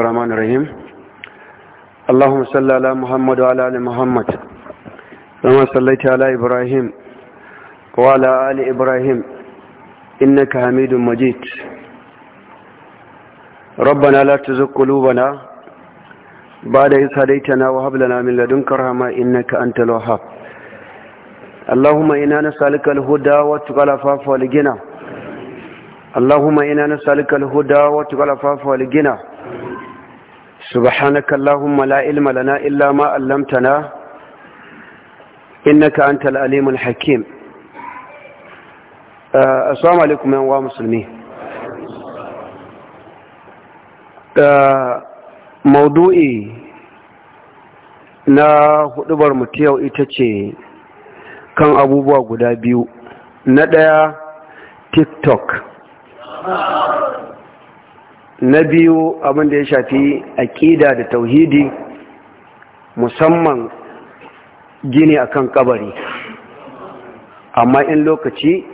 الرحمن الرحيم اللهم صل على محمد وعلى ال محمد كما صليت على ابراهيم وعلى ال ابراهيم انك حميد مجيد ربنا لا تزغ قلوبنا بعد إذ هديتنا وهب لنا من لدنك رحمة إنك أنت الوهاب اللهم إنا نسألك الهدى والتقى العفاف والغنى اللهم إنا نسألك الهدى والتقى العفاف والغنى سبحانك اللهم لا علم لنا إلا ما علمتنا إنك أنت الأليم الحكيم السلام عليكم يا مسلمين موضوعي na hudubar mu ta yau ita ce kan abubuwa guda biyu na ɗaya tiktok na biyu abin da ya shafi aƙida da tauhidi musamman gini akan ƙabari, amma in lokaci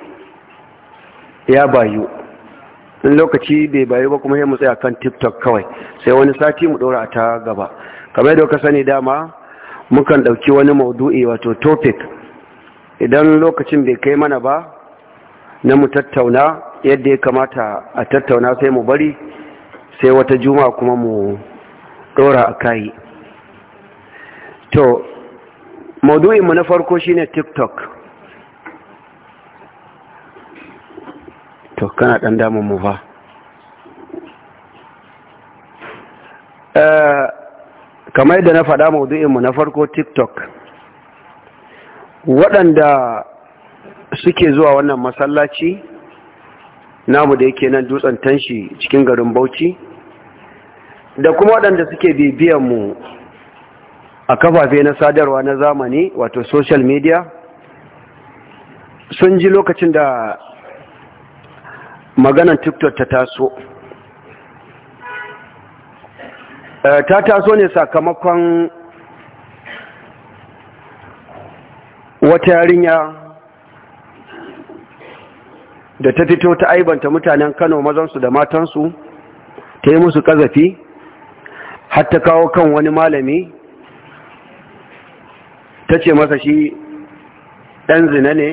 ya bayu in lokaci bai bayu ba kuma ya mutsaya kan tiktok kawai sai wani sati mu ɗora a ta gaba kamar da ka sani dama mukan ɗauki wani maudu'i wato topic idan lokacin bai kai mana ba na mu tattauna yadda ya kamata a tattauna sai mu bari sai wata juma kuma mu ɗora a kayi to maudu'inmu na farko shine tiktok to kana ɗan damun mu fa eh, kamar yadda na faɗa maudu'inmu na farko tiktok waɗanda suke zuwa wannan masallaci namu da yake nan dutsen tanshi cikin garin bauchi da kuma waɗanda suke bibiyanmu mu a kafafe na sadarwa na zamani wato social media sun ji lokacin da maganan tiktok ta taso eh, ta taso ne sakamakon wata yarinya da ta fito ta aibanta mutanen kano mazansu da matansu ta yi musu kazafi har ta kawo kan wani malami ta ce masa shi ɗan zina ne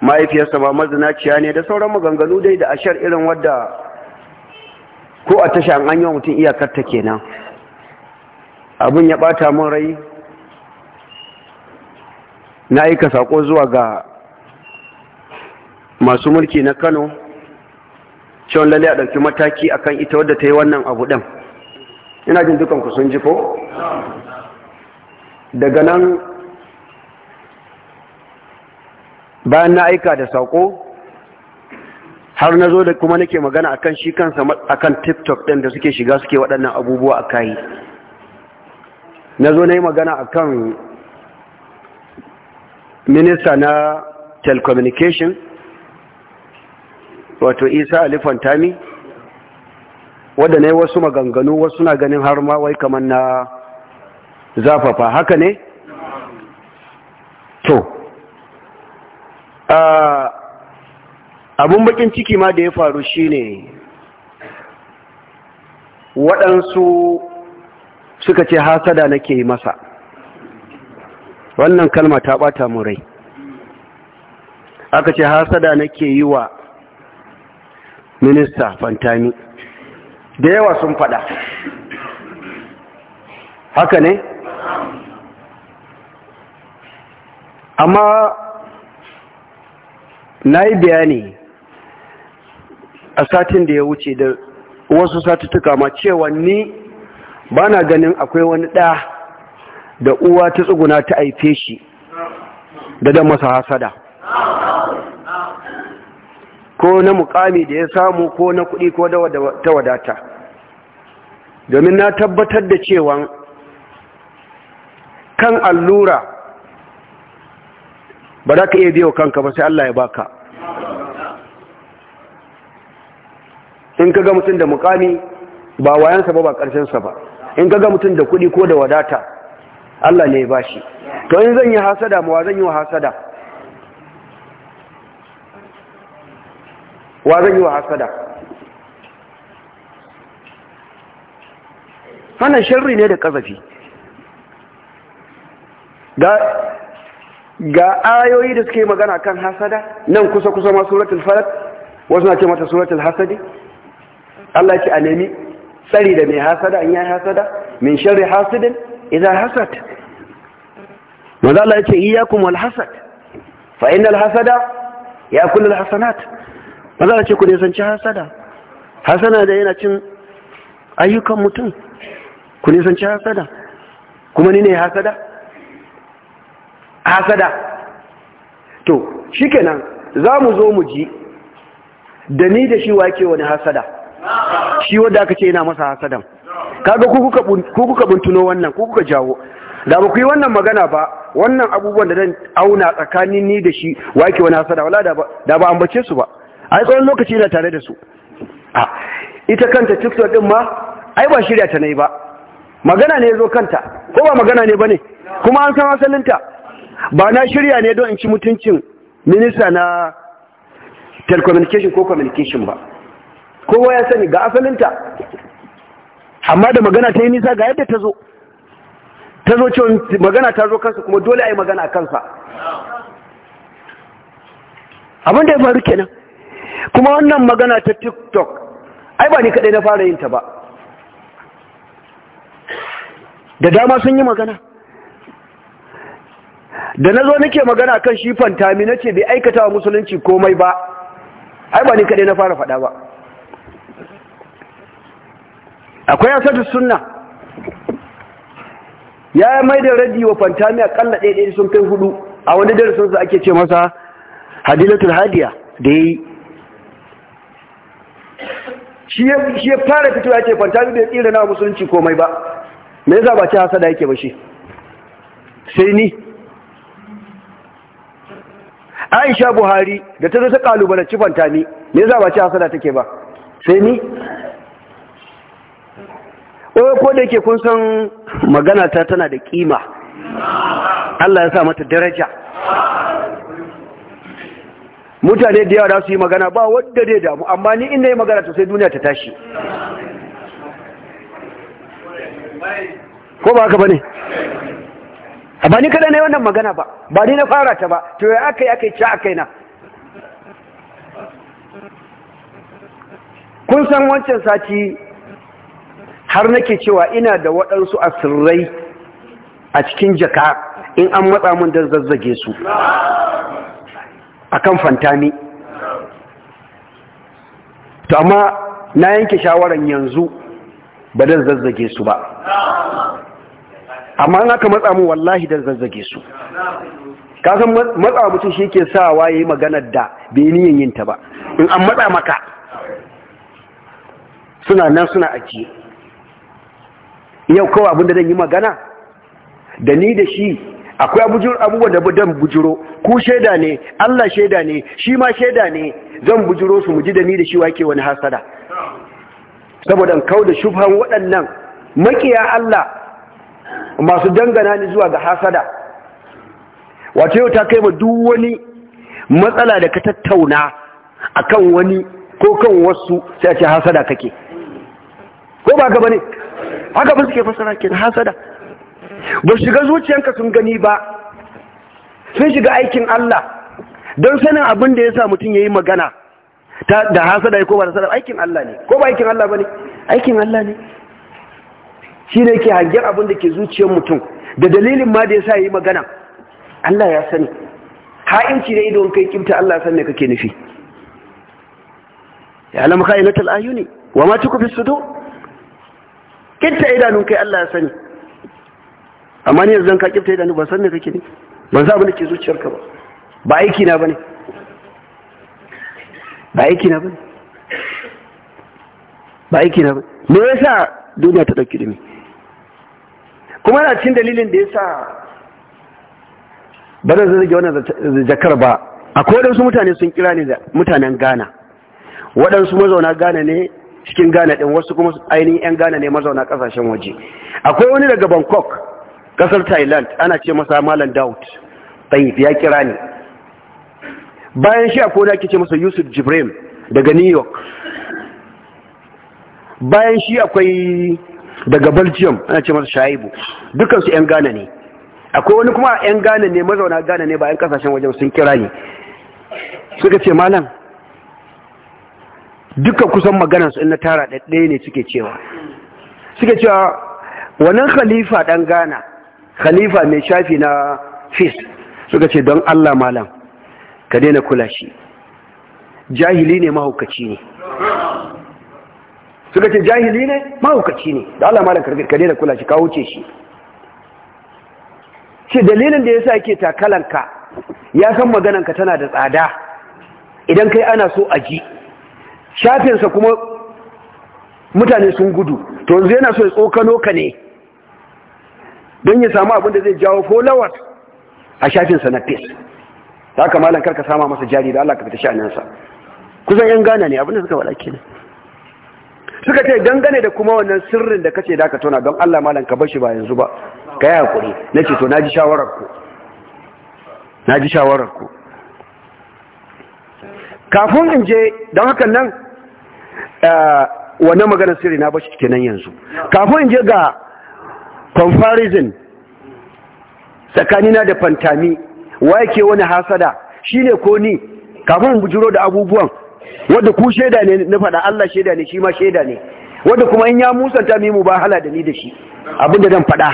mahaifiyarsa ba mazinaciya ne da sauran maganganu dai da ashar irin wadda ko a tasha an yi wa mutum iyakarta kenan abin ya bata mun rai na aika saƙo zuwa ga masu mulki na kano cewa lalle a ɗauki mataki akan ita wadda ta yi wannan abu ɗan. ina jin dukan ku sun ji ko daga nan bayan na aika da sako har na zo da kuma nake magana akan shi kansa akan tiktok ɗin da suke shiga suke waɗannan abubuwa a kayi na zo na yi magana akan minista na telecommunication wato isa alifantami wadda ne wasu maganganu wasu na ganin har ma wai kamar na zafafa haka ne? to ah, abun bakin ciki ma da ya faru shine waɗansu suka ce hasada nake yi masa wannan kalma ta ɓata mu rai aka ce hasada nake yi wa minista fantami da yawa sun faɗa haka ne amma na yi bayani a satin da ya wuce da wasu satuttuka ma cewa ni ba na ganin akwai wani ɗa da uwa ta tsuguna ta aife shi da dan masa hasada ko na mukami da ya samu ko na kuɗi ko ta wadata domin na tabbatar da cewa kan allura ba za ka iya biyo kanka ba sai Allah ya baka in ka ga mutum da mukami ba wayansa ba ba ƙarshensa ba in ka ga mutum da kuɗi ko da wadata Allah ne ya bashi to in zan yi hasada ma zan yi wa hasada wa zan yi wa hasada wannan sharri ne da kazafi ga ayoyi da suke magana kan hasada nan kusa kusa ma suratul falak wasu na ce mata suratul hasadi Allah ce a nemi tsari da mai hasada an yi hasada min sharri hasidin idza hasad maza Allah ya ce iyyakum wal hasad fa innal hasada ya kullu al hasanat maza Allah ya ce ku ne ci hasada hasana da yana cin ayyukan mutum ku nisanci hasada kuma ni ne hasada hasada to kenan za mu zo mu ji da ni da shi wake wani hasada shi wadda aka ce yana masa hasadan kaga ku kuka buntuno wannan ku kuka jawo da ba ku yi wannan magana ba wannan abubuwan da zan auna tsakanin ni da shi wake wani hasada wala da ba ambace su ba a yi tsawon lokaci na tare da su ah, ita kanta tiktok din ma ai ba shirya ta na yi ba magana ne zo kanta ko ba magana ne bane kuma an san asalinta ba na shirya ne don in ci mutuncin minista na telecommunication ko communication ba kowa ya sani ga asalinta amma da magana ta yi nisa ga yadda ta zo ta zo cewa magana ta zo kansa kuma dole a yi magana a kansa abin da ya faru kenan kuma wannan magana ta tiktok ai ba ni kadai na fara yin ta ba da dama sun yi magana da na zo nake magana kan shi fantami na ce bai aikata wa musulunci komai ba ai ba ni kaɗai na fara faɗa ba akwai asadu sunna ya mai da radi wa fantami akalla ɗaya ɗaya sun kai hudu a wani su ake ce masa hadilatul hadiya da ya yi shi ya fara fito ya ce fantami bai tsira na musulunci komai ba me yasa ba ce hasada yake ba shi sai ni Aisha Buhari da ta zo ta kalubalanci ni, me yasa ba ce hasada take ba sai ni Oyo ko da yake kun san magana ta tana da kima Allah ya sa mata daraja mutane da yawa da su yi magana ba wadda dai damu amma ni inda yi magana to sai duniya ta tashi ko ba haka bane ba ni kada na wannan magana ba ba ni na fara ta ba to ya aka yi aka yi ci a na kun san wancan sati har nake cewa ina da waɗansu asirrai a cikin jaka in an matsa mun da zazzage su A akan fantami to amma na yanke shawaran yanzu ba zan zazzage su ba amma aka matsa mu wallahi dan zazzage su kasan matsa mutum shi ke sawa ya yi maganar da bai niyan yin ta ba in an matsa maka suna nan suna ajiye yau kawai abinda zan yi magana da ni da shi akwai abubuwan da dan bujiro ku shaida ne Allah shaida ne shi ma shaida ne zan bujiro su mu ji da ni da shi wake wani hasada saboda kau da shufan waɗannan makiya Allah masu dangana ni zuwa ga hasada wato yau ta kai ma duk wani matsala da ka tattauna a kan wani ko kan wasu sai a ce hasada kake ko ba gaba ne haka ba suke fasara ke hasada ba shiga zuciyanka sun gani ba sun shiga aikin Allah don sanin abin da ya sa mutum ya yi magana ta da hasada ko ba da sadar aikin Allah ne ko ba aikin Allah bane aikin Allah ne shi ne ke hangen abin da ke zuciyar mutum da dalilin ma da ya sa yi magana Allah ya sani ha'inci ne idon kai kimta Allah san me kake nufi ya alam kha'inatul ayuni wa ma tukfi sudur kinta idanun kai Allah ya sani amma ne yanzu ka kimta idanu ba san me kake nufi ban sa abin da ke zuciyarka ba ba aiki na bane ba aiki na bane ba aiki na bane me yasa duniya ta dauki dumi kuma yana cin dalilin da yasa ba zan zage wannan zakar ba akwai waɗansu mutane sun kira ne da mutanen Ghana waɗansu mazauna Ghana ne cikin Ghana ɗin wasu kuma ainihin 'yan Ghana ne mazauna ƙasashen waje akwai wani daga Bangkok ƙasar Thailand ana ce masa Malam Daud Tayyip ya kira ne bayan shi akwai wani ake ce masa yusuf jibril daga new york bayan shi akwai daga belgium ana ce masa shaibu dukansu 'yan ghana ne akwai wani kuma 'yan ghana ne mazauna ghana ne bayan kasashen wajen sun kira ne suka ce malam dukkan kusan maganansu in na tara ɗaya ne suke cewa suke cewa wannan khalifa ɗan ghana khalifa mai shafi na fis suka ce don allah malam ka daina kula shi jahili ne mahaukaci ne suka ce jahili ne mahaukaci ne da Allah malam ka daina kula shi ka wuce shi ce dalilin da ya sa ke takalanka ya san maganarka tana da tsada idan kai ana so a ji shafinsa kuma mutane sun gudu to yanzu yana so ya tsokano ka ne don ya samu abin da zai jawo followers a shafinsa na da haka malam karka sama masa jari da Allah ka fita sha'aninsa kusan yan gana ne abinda suka faɗa kenan suka ce dangane da kuma wannan sirrin da kace da ka tona don Allah malam ka bashi ba yanzu ba ka yi hakuri nace to naji shawarar ku naji shawarar ku kafin in je don hakan nan eh, wannan maganar sirri na bashi kenan yanzu kafin in je ga comparison tsakanina da fantami waye ke wani hasada Shi ne ko ni kafin bujiro da abubuwan wanda ku shaida ne na faɗa Allah shaida ne shi ma shaida ne wanda kuma in ya musanta mi mubahala da ni da shi abinda zan faɗa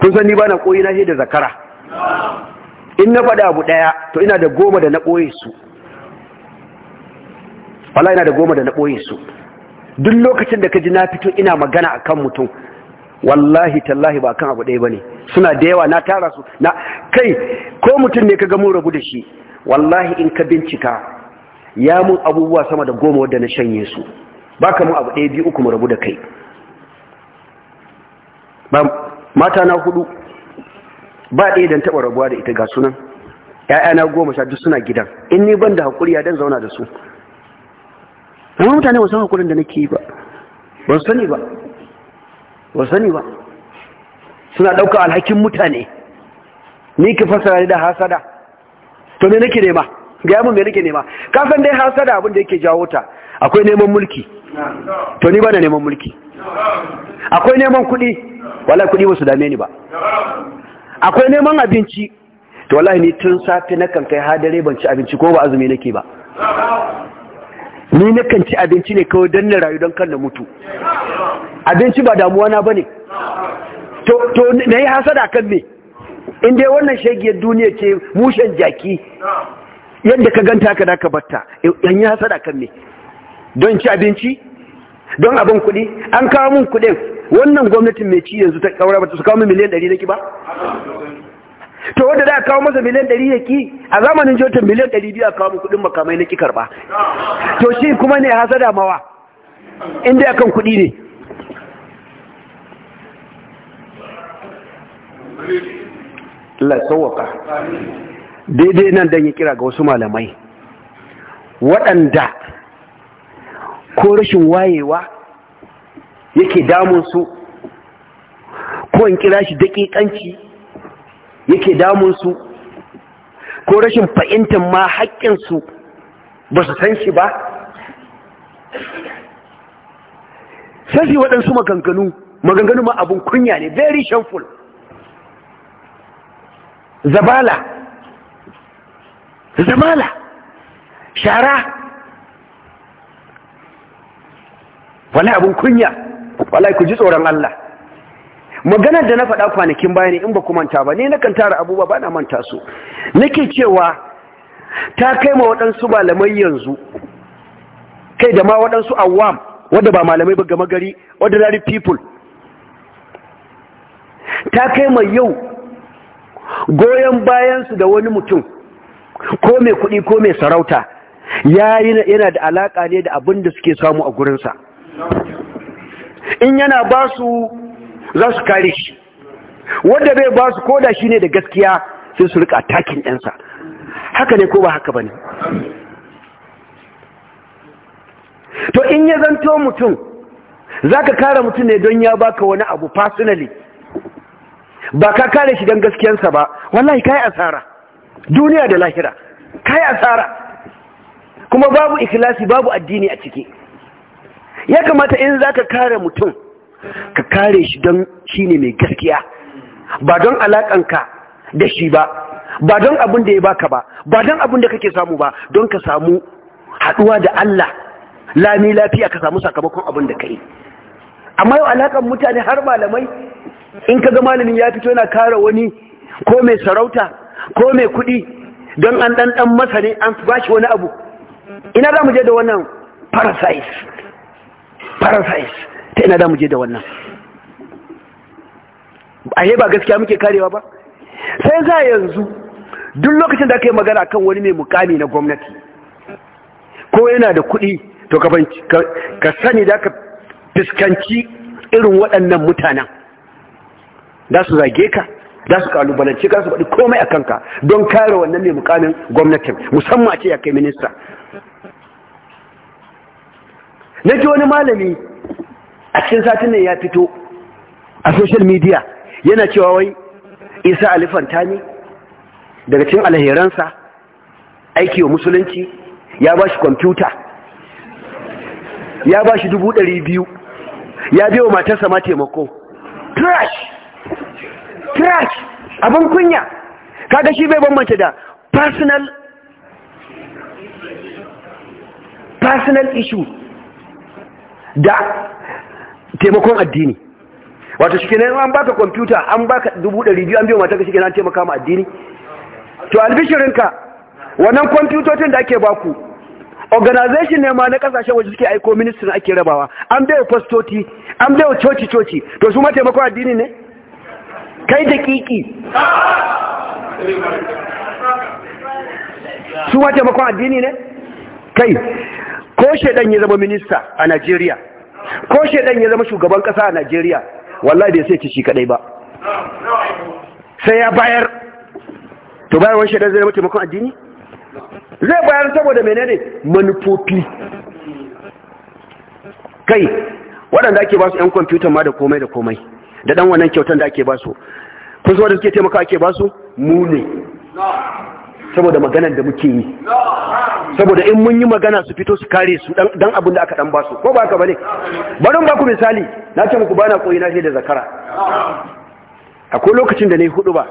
kun san ni bana koyi na shaida zakara in na faɗa abu ɗaya to ina da goma da na ɓoye su wala ina da goma da na ɓoye su duk lokacin da ka ji na fito ina magana akan mutum wallahi tallahi ba kan abu ɗaya ba ne suna da yawa na tara su na kai ko mutum ne ka ga mun rabu da shi wallahi in ka bincika ya mun abubuwa sama da goma wadda na shanye su ba ka mun abu ɗaya biyu uku mu rabu da kai ba mata na hudu ba ɗaya don taɓa rabuwa da ita ga sunan ‘ya'yana goma sha duk suna gidan in ni ban da haƙuri ya dan zauna da su amma mutane san haƙurin da nake yi ba ban sani ba ba sani ba suna ɗauka alhakin mutane ni ka fasara da hasada to me nake nema ga yamin me nake nema ka san dai hasada abin da yake jawo ta akwai neman mulki to ni ba da neman mulki akwai neman kuɗi Wala kuɗi ba su dame ni ba akwai neman abinci to wallahi ni tun safe na kan kai hadare ban ci abinci ko ba azumi nake ba ni na kan ci abinci ne kawai don na rayu don kan na mutu abinci ba damuwa na ba ne. to na yi hasada kan me Inda wannan shagiyar duniya ce mushen jaki yadda ka ganta ka da ka batta in yi hasada kan me don ci abinci don abin kuɗi an kawo min kuɗin wannan gwamnatin mai ci yanzu ta kawo ba ta su kawo min miliyan ɗari na ki ba to wanda za a kawo masa miliyan ɗari ya ki a zamanin jota miliyan ɗari biyu a kawo mu kuɗin makamai na ki karɓa to shi kuma ne hasada mawa inda akan kuɗi ne Allah sauwaka daidai nan don ya kira ga wasu malamai waɗanda ko rashin wayewa yake damun su ko in kira shi daƙiƙanci yake damunsu ko rashin fahimtar ma haƙƙinsu ba su san shi ba sai shi waɗansu maganganu maganganu ma abin kunya ne very shameful zabala zabala, shara wani abin kunya wala ku ji tsoron Allah maganar da na faɗa kwanakin baya in ba ku manta ba ne na kan tara abubuwa ba na manta su nake cewa ta kai ma waɗansu malamai yanzu kai da ma waɗansu awam wadda ba malamai ba gama gari ordinary people ta kai ma yau goyon bayansu da wani mutum ko mai kuɗi ko mai sarauta ya yana da alaƙa ne da abin da suke samu a gurinsa in yana ba su za su kare shi wanda bai ba su koda shi ne da gaskiya sai su rika takin ɗansa haka ne ko ba haka ba ne to in ya zanto mutum za ka kare mutum ne don ya baka wani abu personally ba ka kare shi don gaskiyansa ba wallahi ka yi asara duniya da lahira ka yi asara kuma babu ikilasi babu addini a ciki ya kamata in za ka kare mutum ka kare shi don shi ne mai gaskiya ba don ka da shi ba ba don abin da ya baka ba ba don abin da kake samu ba don ka samu haɗuwa da Allah lami lafiya ka samu sakamakon abin da ka amma yau alakan mutane har malamai in ka da malamin ya fito yana kare wani ko mai sarauta ko mai kuɗi don an ɗanɗan masani masa ne an ba shi wani abu ina za mu je da wannan parasites parasites ta ina da mu je da wannan a yi ba gaskiya muke karewa ba sai za yanzu duk lokacin da aka yi magana kan wani mai mukami na gwamnati ko yana da kuɗi to ka sani da ka fuskanci irin waɗannan mutanen za su zage ka za su kalubalance ka su faɗi komai a kanka don kare wannan mai mukamin gwamnatin musamman a ce ya kai minista na ji wani malami a cikin satin ne ya fito a social media yana cewa wai isa alifanta ne daga cikin alheransa aiki wa musulunci ya ba shi kwamfuta ya ba shi dubu ɗari biyu ya biyo matarsa ma taimako trash trash abin kunya kaga shi bai bambanta da personal personal issue da taimakon addini wato shi kenan an baka kwamfuta an baka dubu ɗari biyu an biyu mata ka shi kenan an taimaka ma addini to albishirinka wannan kwamfutotin da ake baku organization ne ma na kasashen waje suke aiko ministry ake rabawa an bai fastoti an bai coci coci to su ma taimako addini ne kai da kiki su ma taimako addini ne kai ko shedan ya zama minista a Najeriya ko shedan ya zama shugaban kasa a Najeriya wallahi bai sai ci shi kadai ba sai ya bayar to bayar wani shedan zai zama taimakon addini zai bayar saboda menene manufofi kai waɗanda ake ba su 'yan kwamfutan ma da komai da komai da ɗan wannan kyautan da ake ba su kun so da suke taimaka ake ba su mu ne saboda maganar da muke yi saboda in mun yi magana su fito su kare su dan abin da aka dan su, ko ba ka bane bari ba ku misali na ce muku bana koyi na da zakara akwai lokacin da ne hudu ba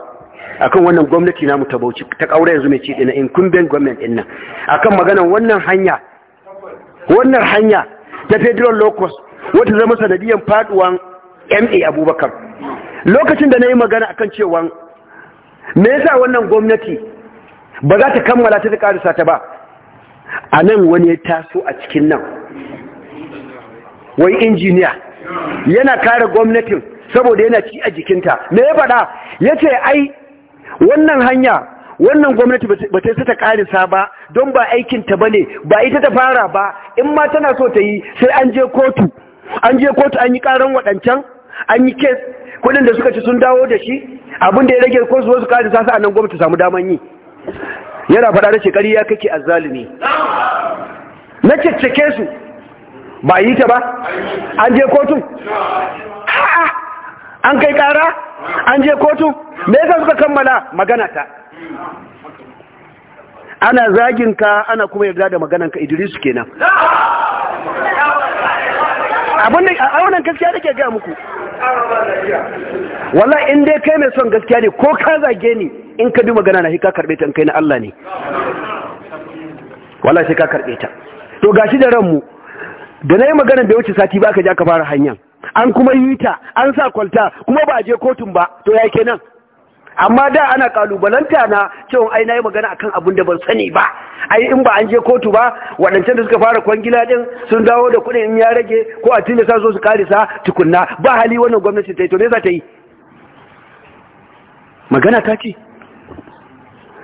akan wannan gwamnati namu ta Bauchi ta kaura yanzu mai ci din in kumben gwamnati din nan akan maganar wannan hanya wannan hanya ta federal locus wata zama sanadiyan faduwan MA Abubakar lokacin da nayi magana akan cewa me yasa wannan gwamnati ba za ta kammala ta karisa ta ba a nan wani ya taso a cikin nan wai injiniya yana kare gwamnatin saboda yana ci a jikinta me ya faɗa ya ce ai wannan hanya wannan gwamnati ba ta yi ta karisa ba don ba aikinta ba ne ba ita ta fara ba in ma tana so ta yi sai an je kotu an je kotu an yi karan waɗancan an yi kes kudin da suka ci sun dawo da shi abinda ya rage ko su wasu karisa sa'annan gwamnati samu daman yi yana faɗa da shekari ya kake azzalimi na cikakke su ba yi ta ba an je kotun ha! an kai ƙara an je kotun me yasa suka kammala magana ta ana zagin ka ana kuma yarda da maganan ka Idris kenan abin da a wannan gaskiya da ke ga muku wallahi in dai kai mai son gaskiya ne ko ka zage ni in ka bi magana na ka karɓe ta in kai na Allah ne Wala shi ka karɓe ta to gashi da ranmu da na yi magana da wuce sati ba ka ja ka fara hanyar an kuma yi ta an sa kwalta kuma ba a je kotun ba to ya kenan amma da ana kalubalanta na cewa ai na yi magana akan abun da ban sani ba ai in ba an je kotu ba waɗancan da suka fara kwangila din sun dawo da kuɗin in ya rage ko a tilasta zo su sa tukunna ba hali wannan gwamnati ta yi to ne za ta yi magana ta ce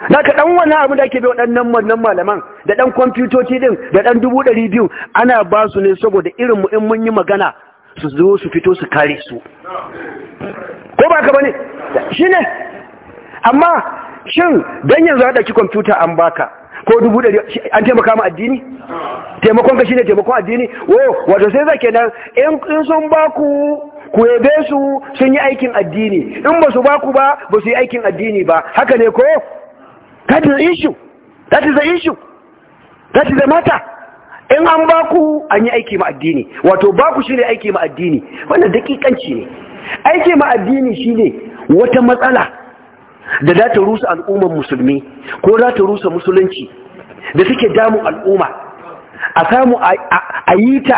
za ka ɗan wani abu da ake bai waɗannan wannan malaman da ɗan kwamfutoci ɗin da ɗan dubu ɗari biyu ana ba su ne saboda irinmu in mun yi magana su zo su fito su kare su ko ba ka bane shi ne amma shin don yanzu haɗa ki kwamfuta an baka ko dubu ɗari an taimaka ma addini taimakon ka shi ne taimakon addini wo wato sai za nan, in sun baku ku yabe su sun yi aikin addini in ba su baku ba ba su yi aikin addini ba haka ne ko That is the issue. That is the issue. That is the matter. In an baku an yi aiki ma addini, wato baku shi ne aiki ma addini, wannan dakikanci ne. Aiki ma addini shi ne wata matsala da za ta rusa al'ummar musulmi ko za ta rusa musulunci da suke damun al'umma a samu a yi ta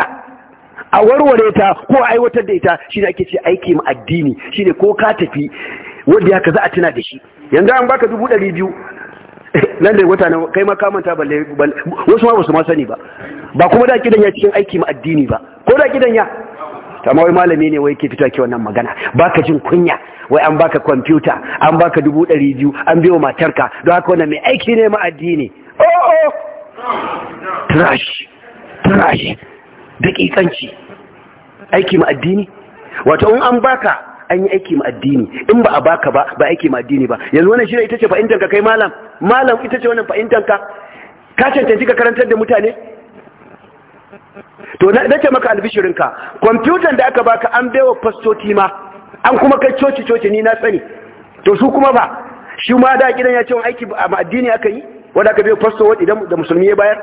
a warware ta ko a aiwatar da ita shi ne ake ce aiki ma addini ne ko ka tafi wanda ya za a tuna da shi yanzu an baka dubu ɗari biyu nan da mutane kai ma kamanta balle wasu ma su ma sani ba ba kuma da kidan ya cikin aiki ma addini ba ko da kidan ya amma wai malami ne wai ke fita ke wannan magana baka jin kunya wai an baka kwamfuta an baka dubu ɗari biyu an biyo matarka don haka wannan mai aiki ne ma addini oh, oh. trash trash dakikanci aiki ma addini wato in an baka an yi aiki ma addini in ba a baka ba ba aiki ma addini ba yanzu wannan shi ita ce fahimtar ka kai malam malam ita ce wannan fahimtar ka ka cancanci ka karantar da mutane to na ce maka albishirin ka kwamfutan da aka baka an bewa fastoci ma an kuma kai coci coci ni na tsani to su kuma ba shi ma da gidan ya ce wani aiki ma addini aka yi wanda aka baiwa fasto idan da musulmi ya bayar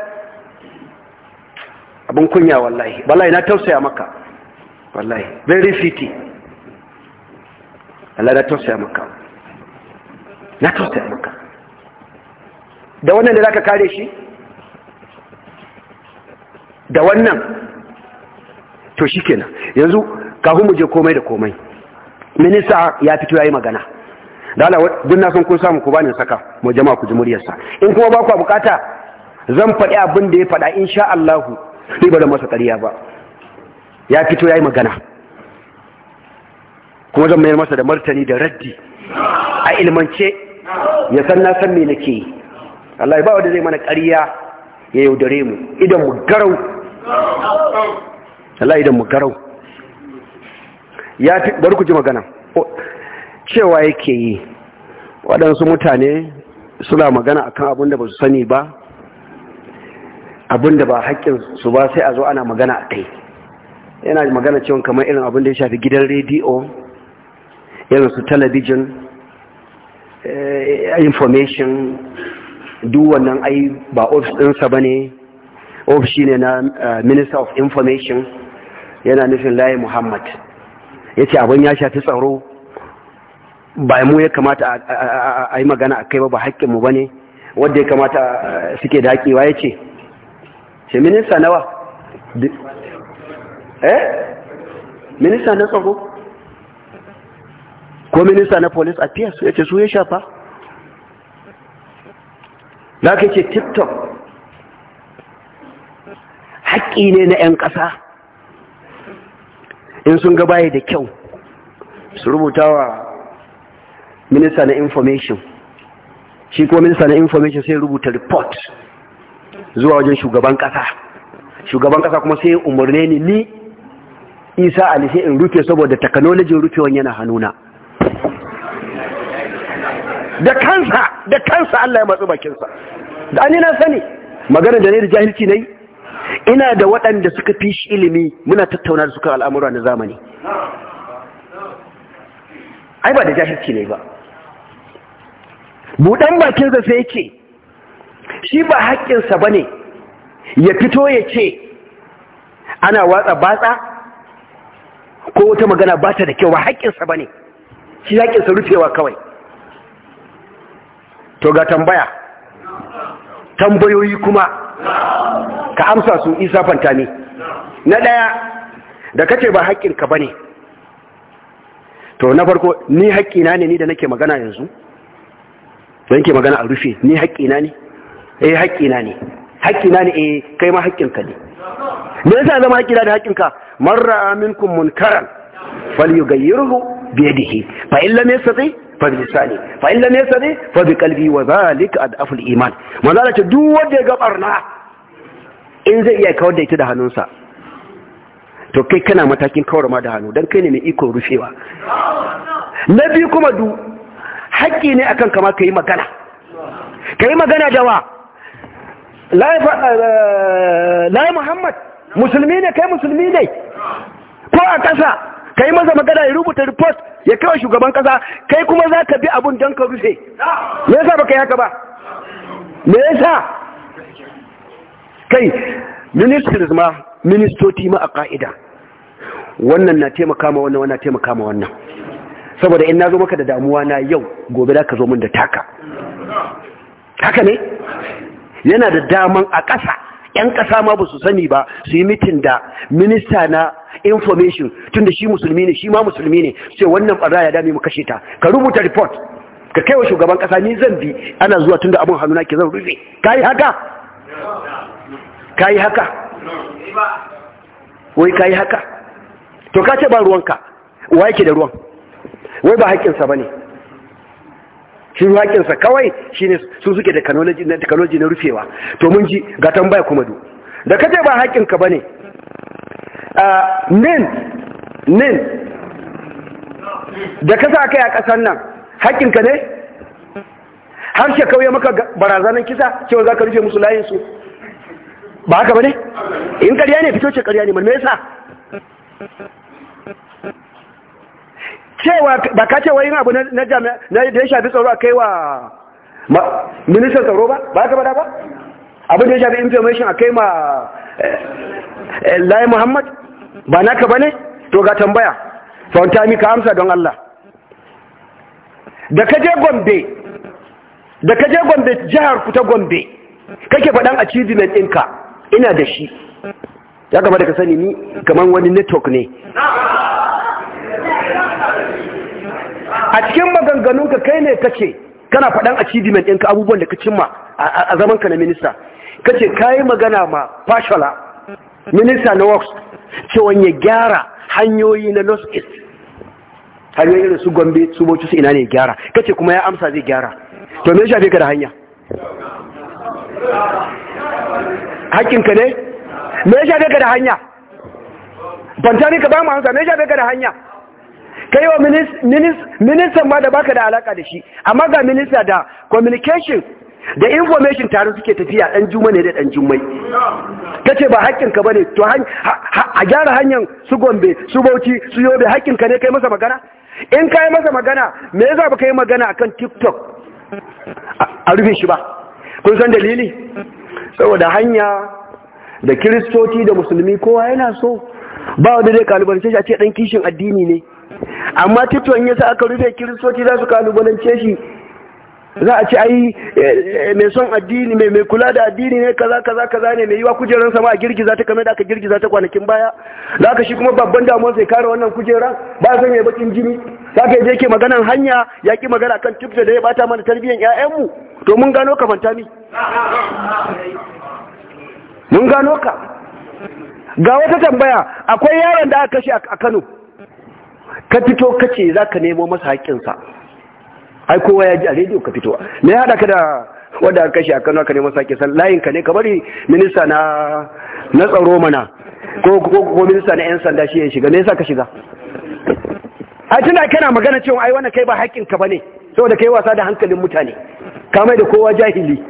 abin kunya wallahi wallahi na tausaya maka wallahi very fitting Allah na tausaya maka na tausaya maka da wannan da zaka kare shi da wannan to shikenan yanzu kafin mu je komai da komai minista ya fito yayi magana da Allah duk na san kun samu ku bani saka mu jama'a ku ji muryarsa in kuma ba ku bukata zan faɗi abin da ya faɗa insha Allah ni ba da masa ƙarya ba ya fito yayi magana kuma zan mayar masa da martani da raddi a ilmance ya san na san me nake yi Allah ba wanda zai mana ƙarya ya yaudare mu idan mu garau Allah idan mu garau ya fi bari ku ji magana cewa yake yi waɗansu mutane suna magana akan abin da ba su sani ba abin da ba haƙƙin su ba sai a zo ana magana a kai yana magana cewa kamar irin abin da ya shafi gidan rediyo irin su talabijin eh, information duk wannan ai ba ofis ɗinsa ba ne ofis ne na eh, minister of information yana nufin layi muhammad ya ce abin ya shafi tsaro ba mu ya kamata a yi magana a kai ba ba haƙƙinmu ba ne wadda ya kamata eh, suke daƙewa ya ce ce minista nawa eh minista na tsaro ko minista na police appears ya ce su ya shafa za ka ce tiktok haƙƙi ne na 'yan ƙasa in sun gabaye da kyau su rubuta wa minista na information shi kuma minista na information sai rubuta report zuwa wajen shugaban ƙasa shugaban ƙasa kuma sai umarne ni ni isa ali sai in rufe saboda technology rufewan yana hannuna da kansa da kansa Allah ya matsu bakinsa da an na sani magana da ne da jahilci na ina da waɗanda suka fi shi ilimi muna tattauna da suka al'amura na zamani ai ba da jahilci ne ba buɗan bakinsa sai ce shi ba haƙƙinsa ba ne ya fito ya ce ana watsa batsa ko wata magana ba ta da kyau ba haƙƙinsa ba ne shi haƙƙinsa rufewa kawai to ga tambaya tambayoyi kuma ka amsa su isa ne, na ɗaya da kace ba haƙƙinka ba ne to na farko ni haƙƙina ne ni da nake magana yanzu da nake magana a rufe ni haƙƙina ne eh haƙƙina ne haƙƙina ne eh kai ma haƙƙinka ne me yasa zama haƙƙina da haƙƙinka man ra'a minkum munkaran falyughayyirhu bi yadihi fa in lam yastati fa bi lisani fa in lam yasani fa bi qalbi wa zalika ad'afu iman ce duk wanda ya ga barna in zai iya kawar da ita da hannunsa to kai kana matakin kawar ma da hannu dan kai ne mai iko rufewa na biyu kuma du haƙƙi ne akan kama yi magana yi magana da wa la eh, Muhammad musulmi ne kai musulmi ne ko a ƙasa kai maza magana ya rubuta report ya kai shugaban kasa kai kuma za ka bi abun don ka rufe me yasa baka yi haka ba me yasa kai ministers ma ministoci ma a ka'ida wannan na taimaka ma wannan wannan taimaka ma wannan saboda in na zo maka da damuwa na yau gobe za ka zo min da taka haka ne yana da daman a ƙasa 'yan ƙasa ma ba su sani ba su yi mitin da minista na information tunda shi musulmi ne shi ma musulmi ne sai wannan ƙwarra ya dame mu kashe ta ka rubuta report ka kaiwa shugaban ƙasa, ni zan bi ana zuwa tunda abun hannu ke zan rufe Ka yi haka Ka yi haka wai ka yi haka to ka ce ba ruwanka wa yake da ruwan wai ba haƙƙinsa ba ne shi haƙƙinsa kawai shi ne su suke da technology na rufewa to mun ji ga tambaya kuma du da ka ce ba haƙƙinka ba ne nin uh, nin da ka sa kai a ƙasar nan haƙƙinka ne har shekau ya maka barazanar kisa cewa za ka rufe musu layinsu ba haka ba ne in ƙarya ne fito ce ƙarya ne malmai sa cewa ba ka cewa yin abu na jami'a da ya shafi tsaro a kai wa ministan tsaro ba ba haka ba da ba abin da ya shafi information a kai ma eh, eh, lai muhammad ba naka ba ne to ga tambaya fauta mi ka amsa don allah da ka je gombe da kaje gombe jihar ku ta gombe kake faɗan achievement ɗinka ina da shi ya gaba da ka sani ni kamar wani network ne a cikin maganganunka kai ne kace kana faɗan achievement ɗinka abubuwan da ka cimma a zamanka na minista kace yi magana ma fashola minista na works cewa ya gyara hanyoyi na north east hanyoyi da su gombe su bauchi su ina ne gyara kace kuma ya amsa zai gyara to me shafe ka da hanya ka ne me shafe ka da hanya bantani ka ba mu amsa me shafe ka da hanya kai wa ministan ma da baka da alaka da shi amma ga minista da communication da information tare suke tafiya dan juma ne da dan jummai kace ba hakkin bane to a gyara hanyar su gombe su bauchi su yobe hakkin ka ne kai masa magana in kai masa magana me yasa baka yi magana akan tiktok a rufe shi ba kun san dalili saboda hanya da kiristoci da musulmi kowa yana so ba wanda zai kalubalance shi a ce dan kishin addini ne amma tiktok yasa aka rufe kiristoci za su kalubalance shi za a ce ai eh, eh, mai son addini mai mai kula da addini ne kaza kaza kaza ne mai yiwa kujeran sama a girgiza ta kamar da aka girgiza ta kwanakin baya da aka shi kuma babban damuwar sai kare wannan kujeran ba zan yi bakin jini ka je ke maganan hanya ya ki magana kan tufta da ya bata mana tarbiyyar ƴaƴan mu to mun gano ka fanta mi mun gano ka ga wata tambaya akwai yaron da aka kashe a Kano ka fito kace zaka nemo masa haƙƙinsa ai kowa ya ji a rediyo ka fito me ya hada ka da wanda aka kashe a Kano aka nemo sake san layin ka ne ka bari minista na na tsaro mana ko ko ko minista na yan sanda shi ya shiga me yasa ka shiga a tana kana magana cewa ai wannan kai ba haƙƙin ka bane saboda kai wasa da hankalin mutane ka mai da kowa jahili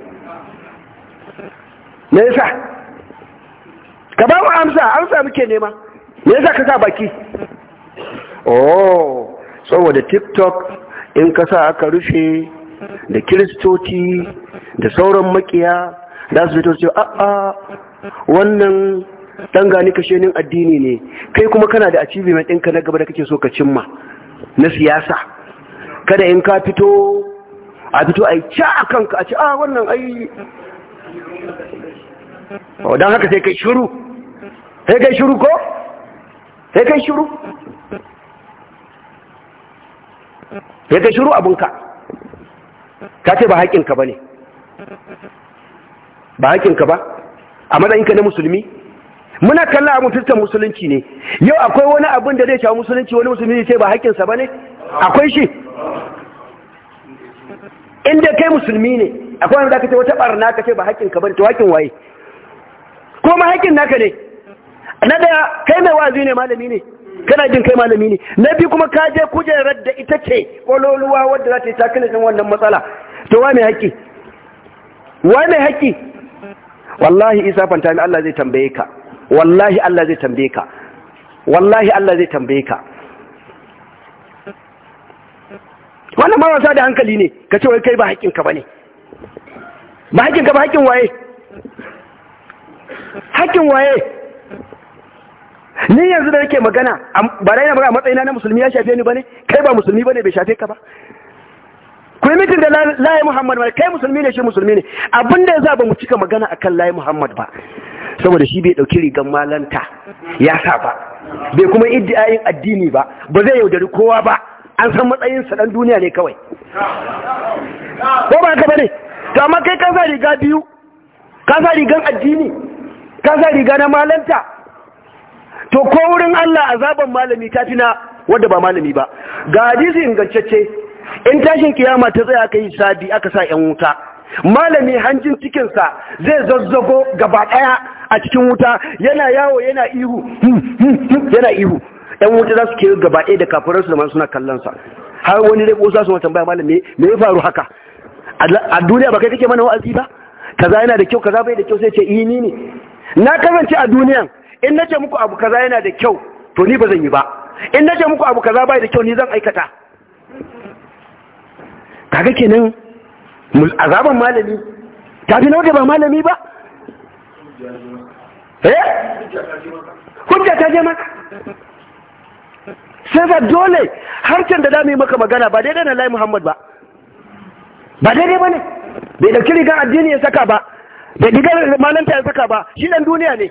me yasa ka ba mu amsa amsa muke nema me yasa ka sa baki oh saboda tiktok in kasa aka rufe da kiristoci da sauran makiya da su fito cewa a'a wannan dan gani nin addini ne kai kuma kana da achievement ɗinka na gaba da kake so ka cimma na siyasa kada in ka fito a fito a yi ca kanka a ce a ah, wannan ai oh, don haka sai kai shuru sai kai shuru ko sai kai shuru sai ka shiru abinka ka ce ba haƙinka ba ne ba haƙinka ba a matsayinka na musulmi muna kalla abin fiskan musulunci ne yau akwai wani abin da zai shawo musulunci wani musulmi ce ba haƙinsa ba ne akwai shi inda kai musulmi ne akwai wanda ka ce wata ɓarna ka ce ba haƙinka ba ne to haƙin waye ko ma haƙin naka ne na da kai mai wazi ne malami ne kana jin kai malami ne na biyu kuma ka je kujerar da ita ce kololuwa wadda za ta yi takalin wannan matsala to wa mai haƙƙi wa mai haƙƙi wallahi isa fanta mai Allah zai tambaye ka wallahi Allah zai tambaye ka wallahi Allah zai tambaye ka wannan ma wasa da hankali ne ka ce wai kai ba haƙƙin ka bane ba haƙƙin ka ba haƙƙin waye haƙƙin waye ni yanzu da nake magana ba da yana magana matsayina na musulmi ya shafe ni bane kai ba musulmi bane bai shafe ka ba ku yi mitin da layi muhammad ba kai musulmi ne shi musulmi ne abin da yasa ba mu cika magana akan layi muhammad ba saboda shi bai dauki rigan malanta ya sa ba bai kuma iddiayin addini ba ba zai yaudari kowa ba an san matsayin sa dan duniya ne kawai ko ba ka bane to amma kai ka sa riga biyu ka sa rigan addini ka sa riga na malanta to ko wurin Allah azaban malami ta fi na wanda ba malami ba ga hadisi ingantacce in tashin kiyama ta tsaya kai yi sadi aka sa yan wuta malami hanjin cikin sa zai zazzago gaba daya a cikin wuta yana yawo yana ihu hmm, hmm, hmm, yana ihu yan wuta za su ke gaba daya da su da man kallon sa. har wani dai ƙosa su tambaya malami me ya faru haka a duniya ba kai kake mana wa'azi ba kaza yana da kyau kaza bai da kyau sai ce eh, ni ne na kasance a duniyan in nace muku abu kaza yana da kyau to ni ba zan yi ba in nace muku abu kaza bai da kyau ni zan aikata kaga kenan azaban malami ta fi da ba malami ba eh hujja ta je maka sai ga dole harkar da dami maka magana ba daidai na lai muhammad ba ba daidai ba ne bai ɗauki rigar addini ya saka ba bai rigar malanta ya saka ba shi dan duniya ne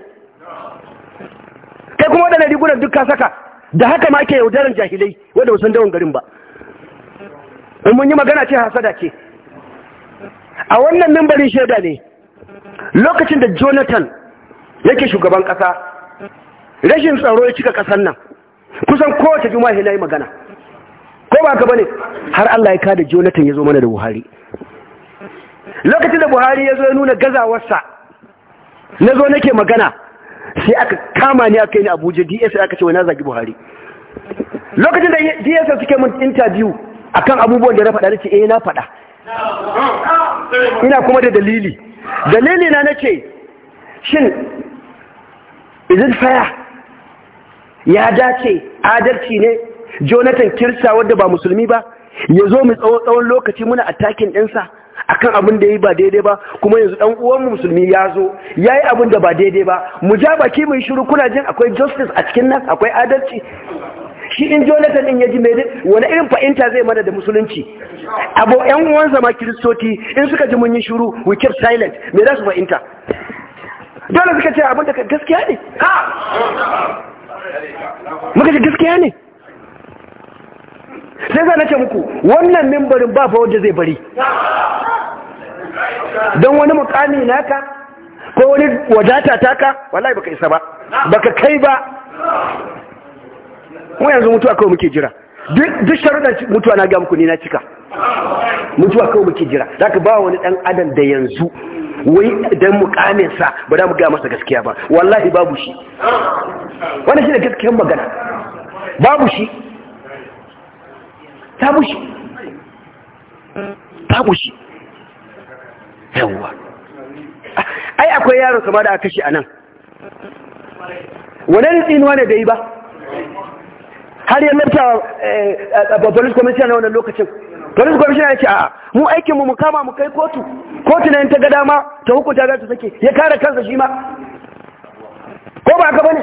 sai kuma waɗannan rigunan duk ka saka da haka ma ke yaudaran jahilai wanda ba san dawon garin ba in mun yi magana ce hasada ce a wannan mimbarin shaida ne lokacin da jonathan yake shugaban ƙasa rashin tsaro ya cika ƙasar nan kusan kowace juma'a na yi magana ko ba gaba ne. har allah ya kada jonathan ya zo mana da buhari lokacin da buhari ya zo ya nuna gazawarsa na zo nake magana sai aka kama ni aka yi ni abuja dsa aka ce na zagi buhari lokacin da dsa suke mun interview akan abubuwan da na faɗa nace eh na faɗa ina kuma da dalili dalili na ce shin is it ya dace adalci ne jonathan kirsa wadda ba musulmi ba ya zo mu tsawon lokaci muna a takin ɗinsa akan abin da yi ba daidai ba kuma yanzu dan uwan musulmi ya zo yayi abin da ba daidai ba mu ja baki mu shiru kuna jin akwai justice a cikin nan akwai adalci shi in Jonathan din ji mai wani irin fa'inta zai mana da musulunci abo yan uwan ma kiristoci in suka ji mun yi shiru we keep silent me za su fa'inta dole suka ce abin da gaskiya ne ha muka ji gaskiya ne sai za nace muku wannan mimbarin ba fa wanda zai bari don wani mukami naka ko wani wajata taka wallahi baka isa ba baka kai ba mu yanzu mutuwa kawai muke jira duk sharuɗar mutuwa na ga muku ni na cika mutuwa kawai muke jira Za ka ba wani ɗan adam da yanzu wai dan mukaminsa ba da mu ga masa gaskiya ba wallahi babu shi shi shine gaskiyar magana babu shi ta bushe ta bushe yawwa ai akwai yaro kama da aka shi anan. nan wadanda tsinuwa ne da yi ba har yi lafta eh, police commissioner na wannan lokacin police commissioner ya ce a mu aikinmu mu kama mu kai kotu kotu na yin ta ga dama ta hukunta za ta sake ya kare kansa shi ma ko ba ka bane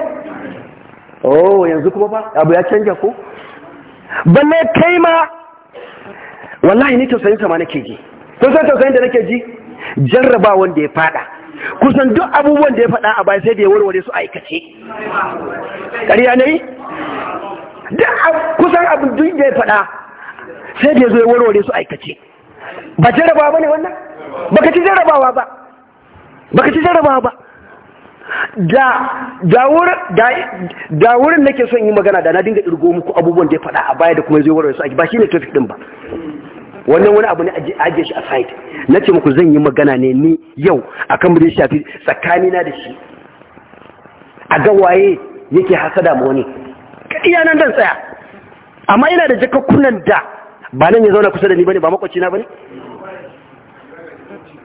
oh yanzu kuma ba abu ya canja ko balle kai ma wallahi ni tausayin sama nake ji kun tausayin da nake ji jarraba wanda ya fada kusan duk abubuwan da ya fada a baya sai da ya warware su aikace ƙarya ne kusan abin duk da ya fada sai da ya zo ya warware su aikace ba jarrabawa ba ne wannan baka ci jarrabawa ba baka ci jarrabawa ba da da wurin nake son yi magana da na dinga irgo muku abubuwan da ya faɗa a baya da kuma zai warware su a ba shi ne topic din ba wannan wani abu ne a ajiye shi a site na ce muku zan yi magana ne ni yau a kan bude shafi tsakanina da shi a ga waye yake hasada ma wani iya nan dan tsaya amma ina da jikakkunan da ba nan ya zauna kusa da ni bane ba makwaci na bane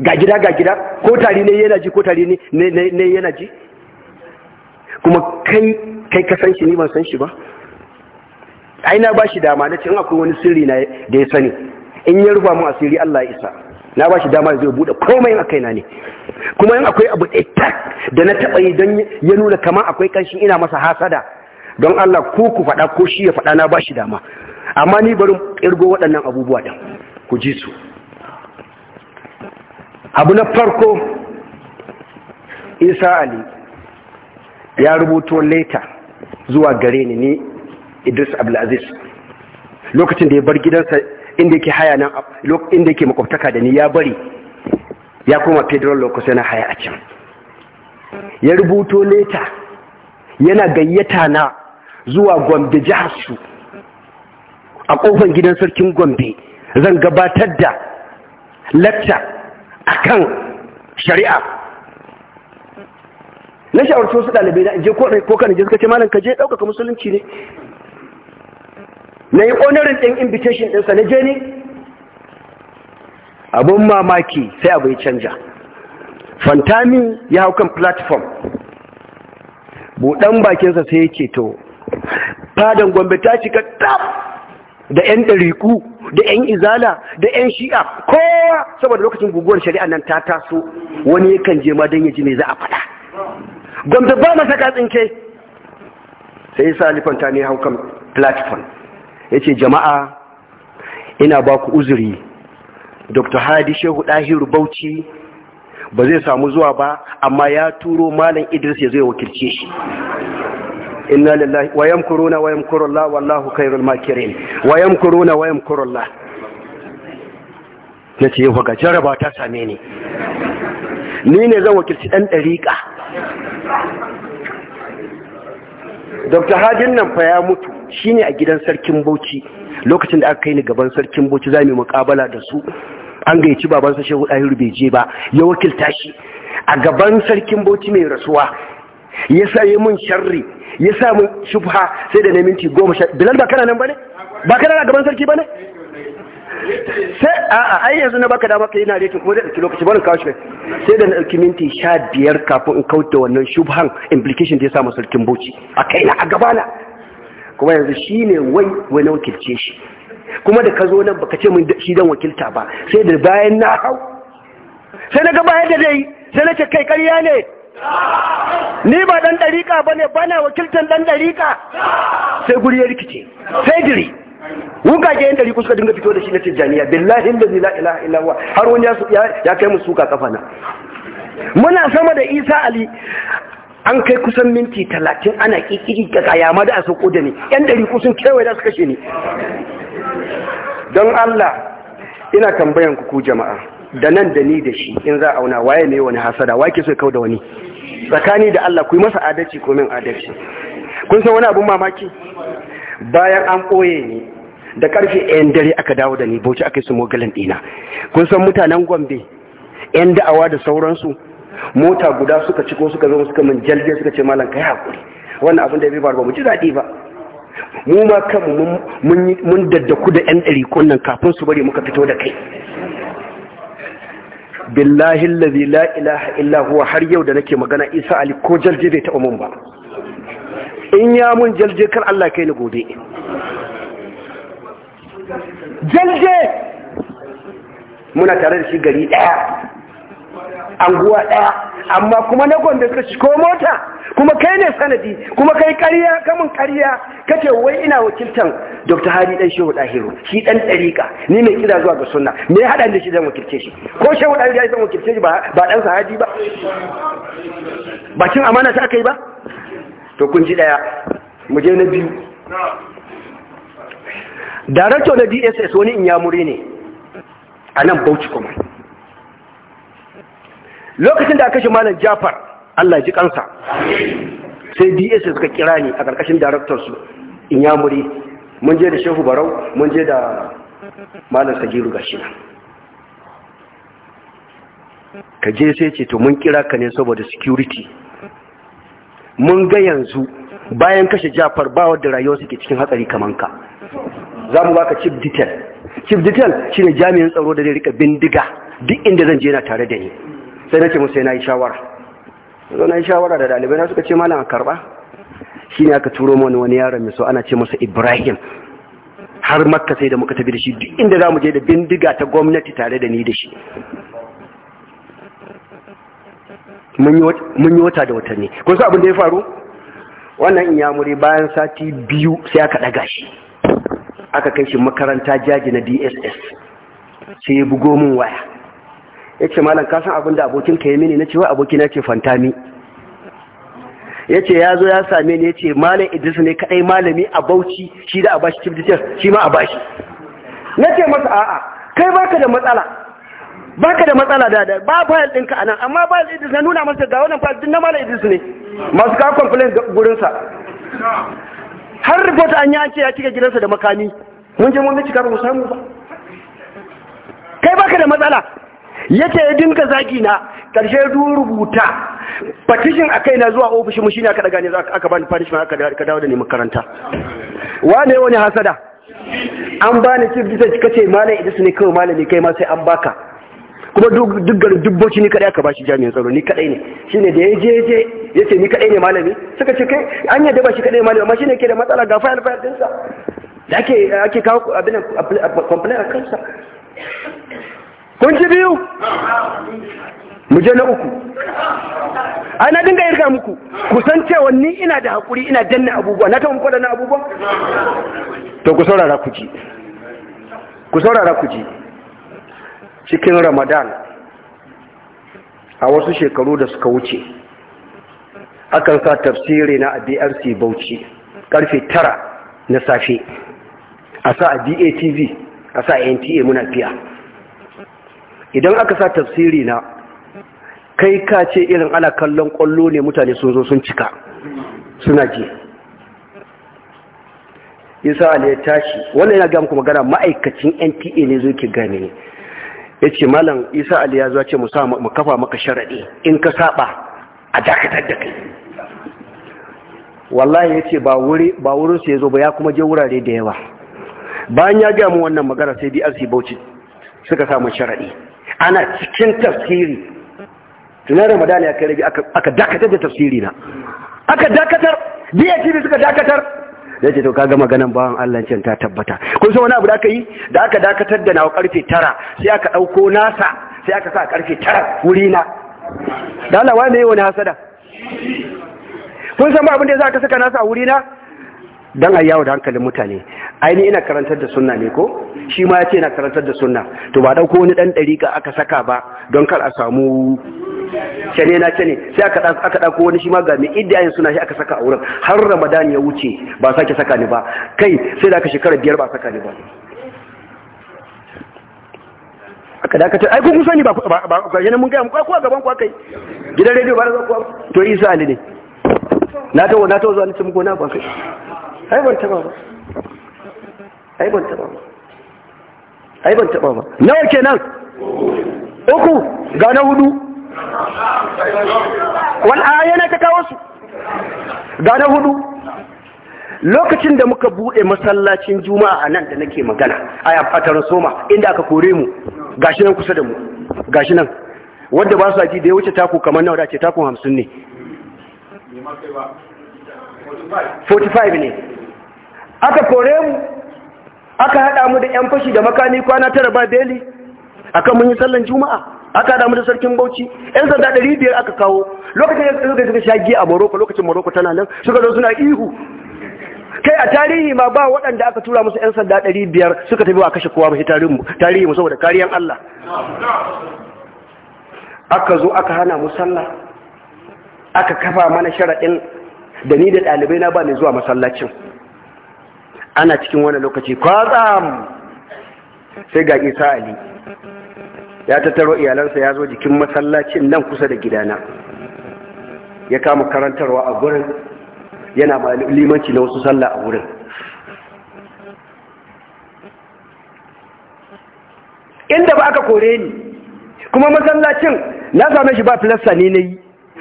ga gida ga gida ko tari ne yana ji ko tari ne yana ji kuma kai kai ka san shi ni ban san shi ba ai na bashi dama na ce in akwai wani sirri na da ya sani in ya rufa mu asiri Allah ya isa na bashi dama zai bude komai a kaina ne kuma in akwai abu tak da na taba yi don ya nuna kamar akwai kanshi ina masa hasada don Allah ko ku faɗa ko shi ya faɗa na bashi dama amma ni bari ƙirgo waɗannan abubuwa ɗin ku ji su abu na farko isa ali ya rubuto leta zuwa gare ni ni idris abdulaziz lokacin da ya bar gidansa inda yake haya nan inda yake makwabtaka da ni ya bari ya koma federal locus yana haya a can ya rubuto leta yana gayyata na zuwa gombe jihar su a kofar gidan sarkin gombe zan gabatar da latta akan shari'a na shawarci wasu ɗalibai na je ko kan je suka ce malam ka je ɗaukaka musulunci ne na yi onarin ɗin invitation ɗinsa na je ne abin mamaki sai abu ya canja fantami ya hau kan platform buɗan bakinsa sai ya ce to fadan gombe ta cika taf. da 'yan ɗariku da 'yan izala da 'yan shi'a kowa saboda lokacin guguwar shari'a nan ta taso wani yakan je ma don ya ji me za a faɗa gwamnati ba masa katsin ke sai ya salifan ta ne haukan platform ya ce jama'a ina ba ku uzuri dr hadi shehu ɗahiru bauchi ba zai samu zuwa ba amma ya turo malam idris ya zai wakilce shi inna lillahi wa yamkuruna wa yamkuru Allah wallahu khairul makirin wa yamkuruna wa yamkuru Allah nace yau ga jaraba ta same ni ni ne zan wakilci dan dariƙa Dr. Hajin nan fa ya mutu shine a gidan sarkin Bauchi lokacin da aka kai ni gaban sarkin Bauchi mu muƙabala da su an gayyaci babansa Shehu Dahiru bai je ba ya wakilta shi a gaban sarkin Bauchi mai rasuwa ya sayi mun sharri ya samu shubha sai da na minti goma sha bilal ba kana nan ba ne ba kana na gaban sarki ba ne sai a ai yanzu na baka dama kai na rekin kuma zai ɗauki lokaci barin kawo shi sai da na ɗauki minti sha biyar kafin in kauta wannan shubhan implication da ya samu sarkin bauchi a kai na a gabana kuma yanzu shi ne wai wai na wakilce shi kuma da ka zo nan baka ce mun shi dan wakilta ba sai da bayan na hau sai na ga bayan da zai sai na ce kai karya ne ni ba dan ɗariƙa ba ne ba na wakiltar dan ɗariƙa? sai guri ya rikice sai diri wuka ke yin dariƙu suka dinga fito da shi na tijjaniya billahi la ilaha illawa har wani ya kai musu suka kafa na muna sama da isa ali an kai kusan minti talatin ana ƙiƙiƙi ga kayama da a sauko da ne yan dariƙu sun kewaye da su kashe ne don allah ina tambayan ku jama'a da nan da ni da shi in za a auna waye ne wani hasada wake so ya kau da wani tsakani da Allah ku yi masa adalci ko min adalci kun san wani abun mamaki bayan an ɓoye ni da karfe yan dare aka dawo da ni bauchi aka yi su mogalin ɗina kun san mutanen gombe yan da'awa da sauransu mota guda suka ciko suka zo suka min jalge suka ce malam kai hakuri wannan abin da ya faru ba mu ji daɗi ba mu ma kanmu mun daddaku da yan ɗari kunnan kafin su bari muka fito da kai billahi allazi la ilaha illa har yau da nake magana Isa Ali ko jalje bai taɓa mun ba in ya mun jalje kar Allah kai ni gobe jalje muna tare da shi gari ɗaya anguwa ɗaya amma kuma na gombe suka shi ko mota kuma kai ne sanadi kuma kai kariya kamun kariya kace wai ina wakiltan dr hadi dan shehu dahiru shi dan dariqa ni mai kira zuwa ga sunna me hada da shi dan wakilce shi ko shehu dahiru ya san wakilce shi ba ba dan sahadi ba bakin amana ta kai ba to kun ji daya mu je na biyu director na DSS wani inyamuri ne a nan Bauchi kuma. lokacin da aka kashe malam jafar Allah ji kansa sai ds suka kira ni a karkashin director su in yamuri mun je da shehu barau mun je da malam sagiru gashi na ka je sai ce to mun kira ka ne saboda security mun ga yanzu bayan kashe jafar ba wadda rayuwa suke cikin hatsari kamar ka za mu baka chief detail chief detail shine jami'in tsaro da zai rika bindiga duk inda zan je na tare da ni sai nace musu yana yi shawara zo na yi shawara da dalibai na suka ce malam a karba ne aka turo mani wani yaron mai so ana ce masa Ibrahim har makka sai da muka tafi da shi duk inda za mu je da bindiga ta gwamnati tare da ni da shi mun yi wata da watanni kun su abin da ya faru wannan in inyamuri bayan sati biyu sai aka ɗaga shi aka kai shi makaranta jaji na dss sai ya bugo min waya ya ce malam kasan abin da abokinka ya mini na cewa abokina ce fantami ya ce ya zo ya same ni ya ce malam idris ne kadai malami a bauchi shi da a bashi chief teacher shi ma a bashi na ce masa a'a kai baka da matsala baka da matsala da da ba fayil ɗinka a nan amma ba idris na nuna masa ga wannan fayil din na malam idris ne masu kawo complain gurinsa har report an yi an ce ya cika gidansa da makami mun je mun bincika cikar musamman samu ba kai baka da matsala yace ya dinka zagi na karshe du rubuta petition akai na zuwa ofishin mu shine aka daga ne aka bani punishment aka dawo da ni makaranta wane wani hasada an bani chief justice kace malai idan su ne kawai malami kai ma sai an baka kuma duk garin dubboci ni kadai aka bashi jami'in tsaro ni kadai ne shine da yaje je yace ni kadai ne malami suka ce kai an yadda ba shi kadai malami amma shine ke da matsala ga file file dinsa da ake ake kawo abin complaint a kansa kun ji biyu mu je na uku ana dinga irga muku kusan cewa ni ina da haƙuri ina danna abubuwa na taɓa muku na abubuwa to ku saurara ku ji ku saurara ku ji cikin ramadan a wasu shekaru da suka wuce akan sa tafsiri na a brc bauchi karfe tara na safe a sa a datv a sa nta muna fiya idan aka sa tafsiri na kai ka ce irin ana kallon kwallo ne mutane sun zo sun cika suna ji isa ali ya tashi wannan yana gama kuma gana ma'aikacin npa ne zo ki gane ya ce malam isa ali ya zuwa ce mu kafa maka sharaɗi in ka saba a dakatar da kai wallahi ya ce ba su ya zo ba ya kuma je wurare da yawa bayan ya gama wannan magana sai drc bauchi suka samun sharaɗi ana cikin tafsiri tunan ramadan ya kai aka dakatar da tafsiri na aka dakatar diyatiri suka dakatar da ce to kaga maganan bawan Allah can ta tabbata kun san wani abu da aka yi da aka dakatar da nawa karfe tara sai aka ɗauko nasa sai aka sa karfe tara wuri na da Allah wani ne wani hasada kun san ba abin da za ka saka nasa a wuri na don a yawo da hankalin mutane aini ina karantar da sunna ne ko shi ma ya ce ina karantar da sunna to ba dauko wani dan dariƙa aka saka ba don kar a samu cene na cene sai aka dauko wani shi ma ga mai yin suna shi aka saka a wurin har ramadan ya wuce ba sake saka ni ba kai sai da aka shekara biyar ba saka ni ba aka dakatar ai kun sani ba ba ba yana mun ga mu kwa gaban kwa kai gidan rediyo ba da kwa to isa ali ne na ta na tawo zuwa ni muku na ba kai ai ban taba ba ai ban taba ba ai ban taba ba nawa kenan uku ga na hudu wal ayana ta kawo su ga na hudu lokacin da muka bude masallacin juma'a a nan da nake magana a fatar soma inda aka kore mu gashi nan kusa da mu gashi nan wanda ba su ji da ya wuce taku kamar nawa da ce takun hamsin ne 45 ne aka kore mu aka hada mu da 'yan fashi da makami kwana tara ba beli aka mun yi sallan juma'a aka haɗa mu da sarkin bauchi 'yan sanda ɗari biyar aka kawo lokacin da suka suka shagi a morocco lokacin morocco tana nan suka zo suna ihu kai a tarihi ma ba waɗanda aka tura musu 'yan sanda ɗari suka tafi wa kashe kowa mashi tarihi mu saboda kariyan allah aka zo aka hana mu sallah aka kafa mana sharaɗin da ni da ɗalibai na ba mai zuwa masallacin ana cikin wani lokaci kwatsam sai ga isa ali ya tattaro iyalansa ya zo jikin masallacin nan kusa da gidana ya kama karantarwa a gurin yana limanci na wasu sallah a gurin inda ba aka kore ni kuma masallacin na same shi ba filasta ni na yi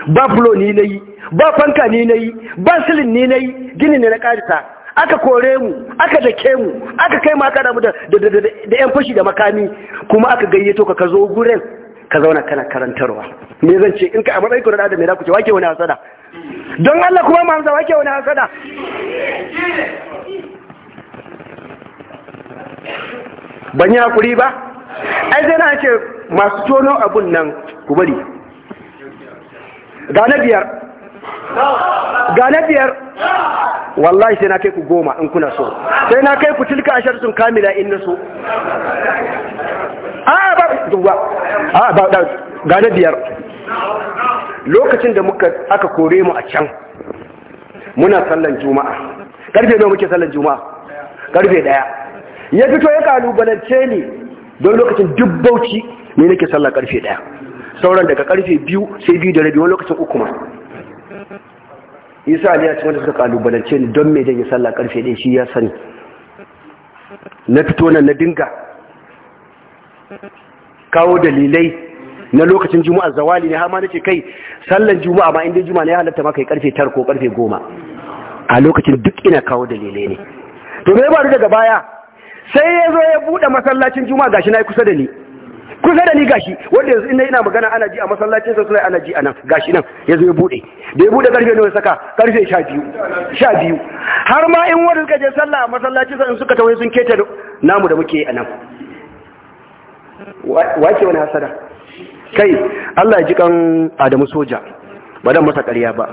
ba fulo ne na yi ba fanka ni na yi ba silin ni na yi gini ne na karita aka kore mu aka dake mu aka kai mu aka damu da yan fashi da makami kuma aka gayyato ka ka zo gurin ka zauna kana karantarwa me zan ce in ka a matsayin kuɗin da me za ku ce wake wani hasada don Allah kuma mu hamsa wake wani hasada ban yi hakuri ba ai zai na ce masu tono abun nan ku bari ga na biyar ga na biyar wallahi sai na kai ku goma in kuna so sai na kai ku tilka sun kamila in na so a ba a ba gane biyar lokacin da muka aka kore mu a can muna sallan juma'a karfe nawa muke sallan juma'a karfe daya ya fito ya kalubalance ni don lokacin dubbauci ne nake sallan karfe daya sauran daga karfe biyu sai biyu da rabi wani lokacin uku ma isa ne ya cikin wanda suka kalubalance ni don me janye sallah karfe ɗaya shi ya sani na fito nan na dinga kawo dalilai na lokacin juma'a zawali ne har ma nace kai sallan juma'a ma inda juma'a ne ya halatta maka karfe tara ko karfe goma a lokacin duk ina kawo dalilai ne to me ya faru daga baya sai ya zo ya buɗe masallacin juma'a gashi na yi kusa da ni sai da ni gashi wanda yanzu ina ina magana ana ji a masallacin sa suna ana ji anan gashi nan yanzu ya bude da ya bude karfe nawa saka karfe 12 12 har ma in wani suka je sallah a masallacin sa in suka tawaye sun keta namu da muke anan ke wani hasada kai Allah ya ji kan Adamu soja ba dan masa ƙarya ba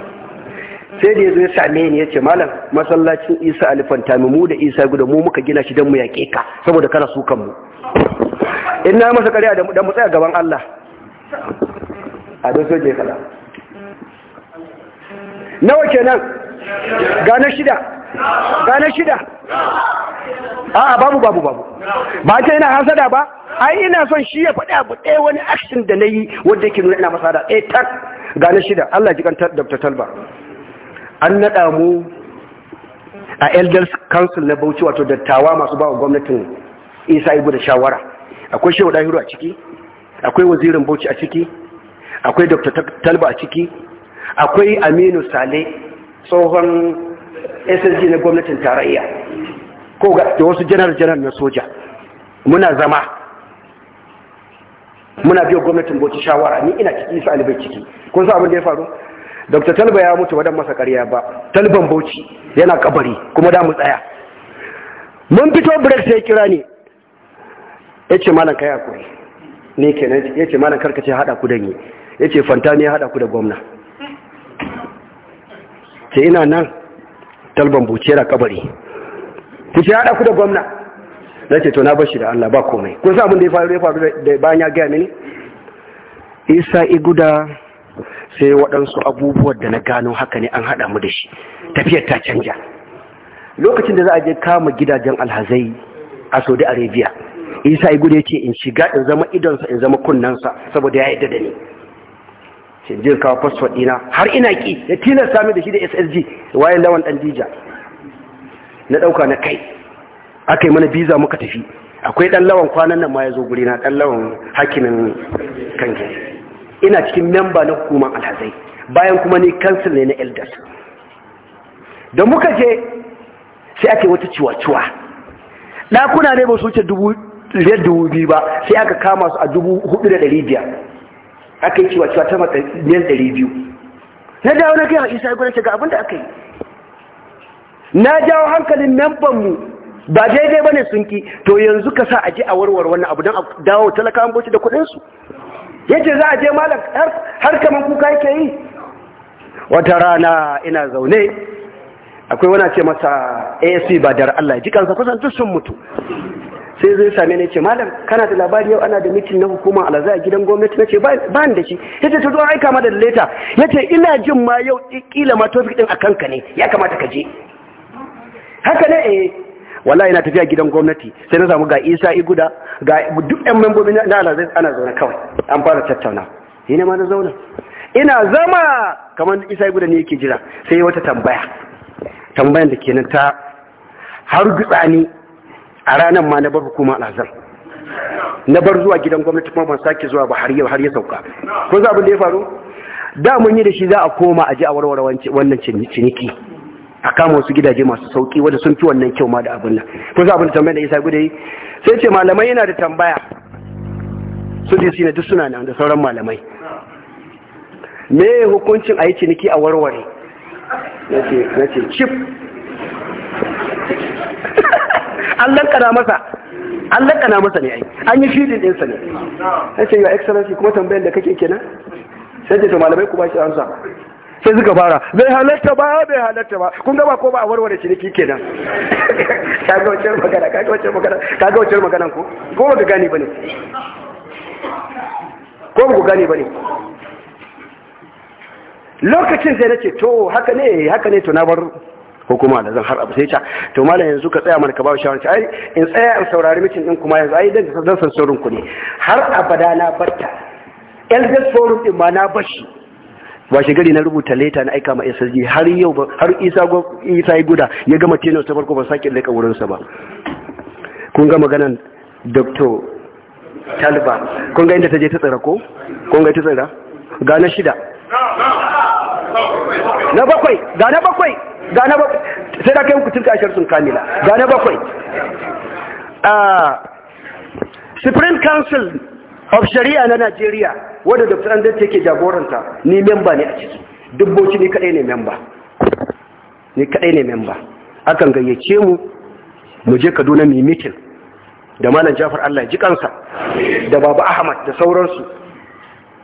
sai da zo ya same ni ce malam masallacin Isa alifanta mu da Isa guda mu muka gina shi don mu yaƙe ka saboda kana su kanmu in na masa kariya da mu tsaya gaban Allah a don soje kala. nawa kenan gane shida gane shida a'a babu babu babu ba ta yana hasada ba ai ina son shi ya faɗi abu ɗaya wani action da na yi wadda ke nuna ina masa da ɗaya eh, tak gane shida Allah ji kan Dr. Talba an naɗa mu a elders council na bauchi wato dattawa masu ba wa gwamnatin isa ibu da shawara akwai shehu dahiru a ciki akwai wazirin bauchi a ciki akwai dr talba a ciki akwai aminu sale tsohon ssg na gwamnatin tarayya ko da wasu janar-janar na soja muna zama muna biyo gwamnatin bauchi shawara ni ina ciki isa alibai ciki kun sa abin da ya faru dr talba ya mutu wadan masa ƙarya ba talban bauchi yana kabari kuma da mu tsaya mun fito break sai kira ni ya ce malam kai hakuri ne kenan ya ce malam karkace hada ku da ni ya ce fantani ya haɗa ku da gwamna ce ina nan talban bauchi yana kabari ku ce haɗa ku da gwamna na ce to na bashi da allah ba komai kun sa abin da ya faru da bayan ya gaya mini isa iguda sai waɗansu abubuwan da na gano haka ne an haɗa mu da shi tafiyar ta canja lokacin da za a je kama gidajen alhazai a saudi arabia isa ya gudu ya ce in shiga in zama idonsa in zama kunnansa saboda ya yadda da ni shin jin kawo fasfot ɗina har ina ki? ya tilasta min da shi da ssg wayan lawan ɗan dija na ɗauka na kai aka yi mana biza muka tafi akwai ɗan lawan kwanan nan ma ya zo guri na ɗan lawan hakimin kankin ina cikin memba na hukumar alhazai bayan kuma ni kansil ne na elders da muka je sai ake wata ciwa-ciwa ɗakuna ne ba su wuce dubu biyu ba sai aka kama su a dubu hudu da ɗari biyar aka yi ciwa-ciwa ta miliyan ɗari biyu na dawo na kai a isa gudun ga abin da aka yi na jawo hankalin membanmu ba daidai ba ne sun to yanzu ka sa aji a warware wannan abu don a dawo talakawan bauchi da kudinsu? yace za a je malam har kaman kuka yake yi wata rana ina zaune akwai wani ce masa asc ba dar Allah ji kansa kusan duk sun mutu sai zai same ni ce malam kana da labari yau ana da mitin na hukuma alaza a gidan gwamnati nace ba ni da shi yace to zuwa aika ma da leta yace ina jin ma yau kila ma topic din a kanka ne ya kamata ka je haka ne eh Wala ina tafiya gidan gwamnati sai na samu ga Isa Iguda ga duk yan membobi na Alazai ana zaune kawai an fara tattauna ni ne ma na zauna ina zama kamar Isa Iguda ne yake jira sai wata tambaya tambayan da kenan ta har gutsani a ranar ma na bar hukuma Alazai na bar zuwa gidan gwamnati kuma ban sake zuwa ba har yau har ya sauka ko za abin da ya faru da mun yi da shi za a koma a ji a warware wannan ciniki a kama wasu gidaje masu sauki wanda sun fi wannan kyau ma da abin nan ko za abin da tambayar da isa gudu yi sai ce malamai yana da tambaya su ji sinadu duk suna nan da sauran malamai me hukuncin a yi ciniki a warware na ce cip. an lankana masa an lankana masa ne ai an yi fidin ɗinsa ne na ce wa excellency kuma tambayar da kake kenan sai ce to malamai ku ba shi amsa sai suka fara bai halatta ba bai halatta ba kun gaba ko ba a warware shi niki kenan kaga wacce magana kaga wacce magana kaga wacce magana ko ko ba gane bane ko ba gane bane lokacin sai nace to haka ne haka ne to na bar hukuma da zan har abu sai ta to malam yanzu ka tsaya mana ka ba shawarci ai in tsaya in saurari mikin din kuma yanzu ai dan dan san saurin ku ne har abada na barta elders forum din ma na bashi shi gari na rubuta leta na aika ma SSG har yau ba har Isa Isa guda ya gama tenor ta farko ba sake leka wurin sa ba kun ga maganan Dr. Talba kun ga inda ta je ta tsira ko kun ga ta tsira ga na shida na bakwai ga na bakwai ga na bakwai sai da kai kutun kashar sun kamila ga na bakwai a ah, Supreme Council of shari'a na Najeriya wanda Dr. Andate yake jagoranta ni memba ne a ciki dubboci ni kadai ne memba ni kadai ne memba akan gayyace mu mu je Kaduna mu meeting da malam Jafar Allah ya ji kansa da Baba Ahmad da sauransu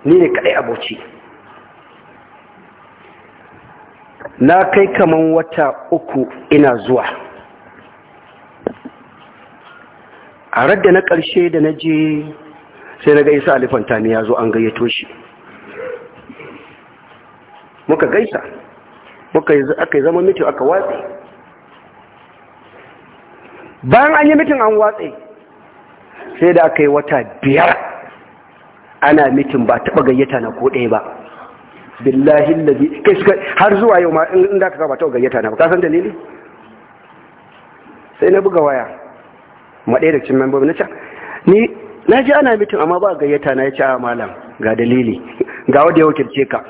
ni ne kadai aboci na kai kaman wata uku ina zuwa a radda na ƙarshe da na je sai na gaisa isa alifanta ne ya zo an gayyato shi muka gaisa muka aka yi zama mitin aka watse bayan an yi mitin an watse sai da aka yi wata biyar ana mitin ba taɓa gayyata na ko ɗaya ba billahi labi har zuwa yau ma inda aka ba taɓa gayyata na ba kasan dalili sai na buga waya maɗaya da cin membobi na can ni na ji ana mitin amma ba gayyata na ya ci a ah, malam ga dalili ga wadda ya wakilce ka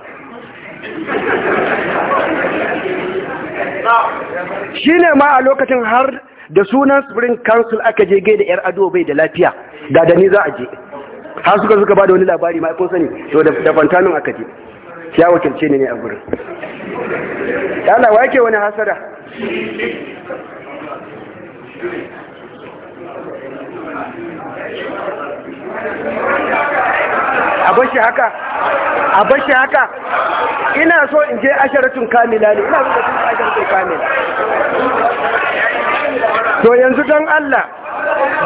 shi ne ma a lokacin har da sunan spring council aka je gai da yar ado bai da lafiya Ga da ni za a je har suka suka ba da wani labari ma kun sani to da fantanin aka je ya wakilce ne ne a gurin yana wake wani hasara a bashi haka a bashi haka ina so in je asharatun kamila ne ina so in je asharatun kamila to yanzu don Allah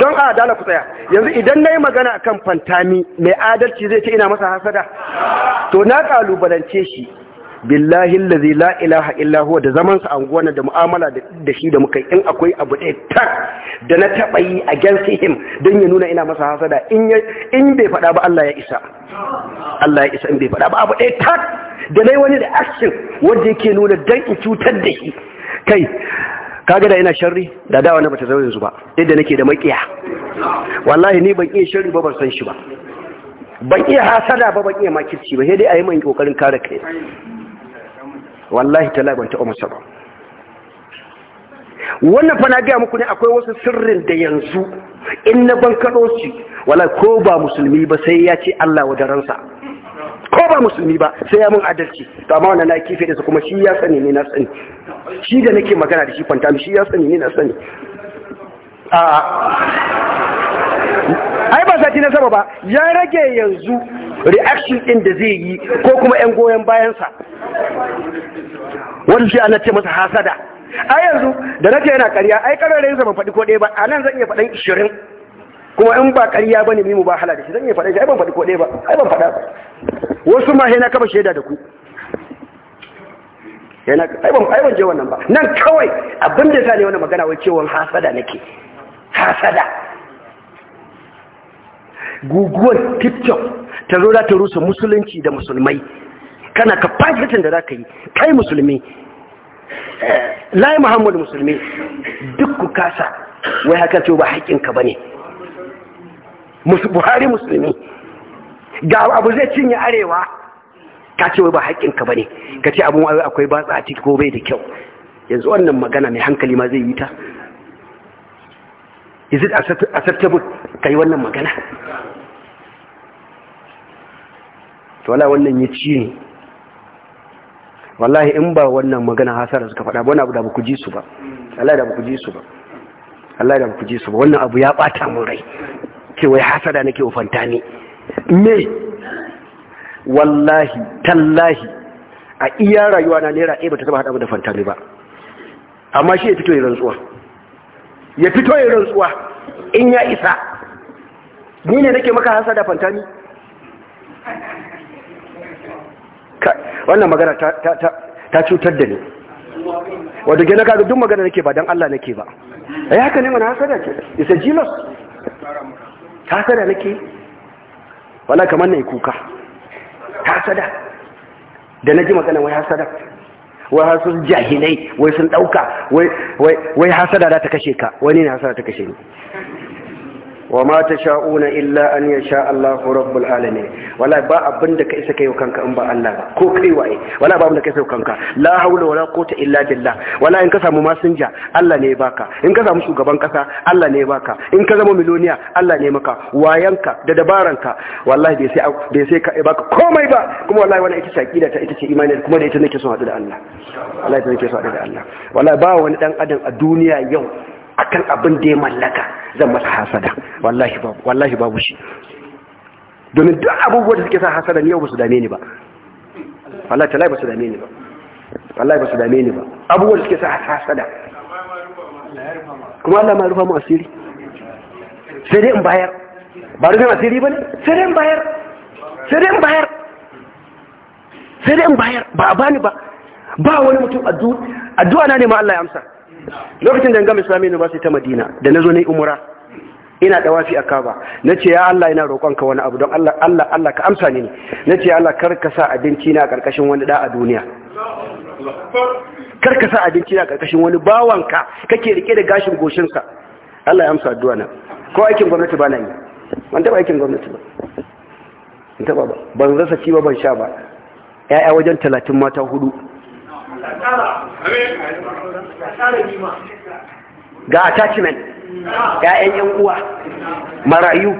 don a dala ku tsaya yanzu idan na yi magana a kan fantami mai adalci zai ce ina masa hasada to na kalubalance shi billahi allazi la ilaha illa huwa da zamansa sa anguwan da mu'amala da shi da muka in akwai abu ɗaya tak da na taɓa yi against him don ya nuna ina masa hasada in bai faɗa ba Allah ya isa Allah ya isa in bai faɗa ba abu ɗaya tak da nayi wani da action wanda yake nuna don in cutar da shi kai kaga da ina sharri da dawa na bata zo yanzu ba yadda nake da makiya wallahi ni ban iya sharri ba ban san shi ba ban iya hasada ba ban iya makirci ba sai dai a yi min kokarin kare kai wallahi ta ban taɓa masa ba wannan fa na gaya muku ne akwai wasu sirrin da yanzu in na ban kaɗo shi wala ko ba musulmi ba sai ya ce Allah wa daransa ko ba musulmi ba sai ya mun adalci to amma wannan na kife da su kuma shi ya sani ne na sani shi da nake magana da shi kwanta shi ya sani ne na sani a ai ba sati na sama ba ya rage yanzu reaction din da zai yi ko kuma yan goyon bayansa wani shi ana ce masa hasada ai yanzu da nake yana ƙarya ai rayuwa ban faɗi ko ɗaya ba a nan zan iya faɗan ishirin kuma in ba ƙarya bane mimu ba halala shi zan iya faɗa shi ai ban faɗi ko ɗaya ba ai ban faɗa wasu ma sai na kafa shaida da ku yana ai ban ai ban je wannan ba nan kawai abin da sa ne wannan magana wai cewa hasada nake hasada guguwar tiktok ta zo za ta rusa musulunci da musulmai kana ka fahimtar da za ka yi kai musulmi eh, lai muhammadu musulmi duk ku kasa wai haka ce ba haƙinka ba ne buhari musulmi ga abu zai cinye arewa ka ce wai ba haƙinka ba ne ka ce abin wayo akwai batsa a ciki ko bai da kyau yanzu wannan magana mai hankali ma zai yi ta is it acceptable ka yi wannan magana to wala wannan ya ci ne wallahi in ba wannan magana hasara suka faɗa wani abu da ku ji su ba Allah da ku ji su ba Allah da ku ji su ba wannan abu ya bata mun rai ke wai hasada nake ufanta ne me wallahi tallahi a iya rayuwa na naira ɗaya ba ta taba haɗa da fantani ba amma shi ya fito ya rantsuwa ya fito ya rantsuwa in ya isa ni ne nake maka hasada fantani? wannan magana ta cutar da ni wadda gina kaga duk magana nake ba don Allah nake ba yi eh, haka ne mana hasada ke isa jilos hasada nake wala kamar na yi kuka hasada da na ji magana wai hasada wai hasu jahilai wai sun ɗauka wai hasada da ta kashe ka wani ne hasada ta kashe ni wa ma ta sha'una illa an ya sha Allah rabbul alamin wala ba abinda ka isa kai kanka in ba Allah ba ko kai waye wala ba abin da ka isa kanka la haula wala quwwata illa billah wala in ka samu masinja Allah ne baka in ka samu shugaban kasa Allah ne baka in ka zama miloniya Allah ne maka wayanka da dabaranka wallahi bai sai bai sai ka baka komai ba kuma wallahi wannan ita ce akida ta ita ce imani kuma da ita nake son haɗu da Allah wallahi nake son haɗu da Allah wallahi ba wani dan adam a duniya yau akan abin da ya mallaka zan masa hasada wallahi babu wallahi babu shi domin duk abubuwan da suke sa hasada ne yau ba su dame ni ba wallahi talai ba su dame ni ba wallahi ba su dame ni ba abubuwan da suke sa hasada kuma Allah ma rufa mu asiri sai dai in bayar ba rufin asiri ba ne sai dai in bayar sai dai in bayar sai dai in bayar ba a bani ba ba wani mutum addu'a na ne ma Allah ya amsa lokacin da gama ba university ta madina da na zo na yi umura ina wafi a kaba na ce ya Allah ina roƙonka wani abu don Allah Allah Allah ka amsa ni na ce ya Allah kar ka sa abinci na karkashin wani da a duniya kar ka sa abinci na karkashin wani bawanka kake rike da gashin goshinsa Allah ya amsa addu'a na ko aikin gwamnati ba na yi ban taba aikin gwamnati ba ban taba ba ban rasa ci ba ban sha ba ƴaƴa wajen talatin mata hudu ga attachment ga yan uwa marayu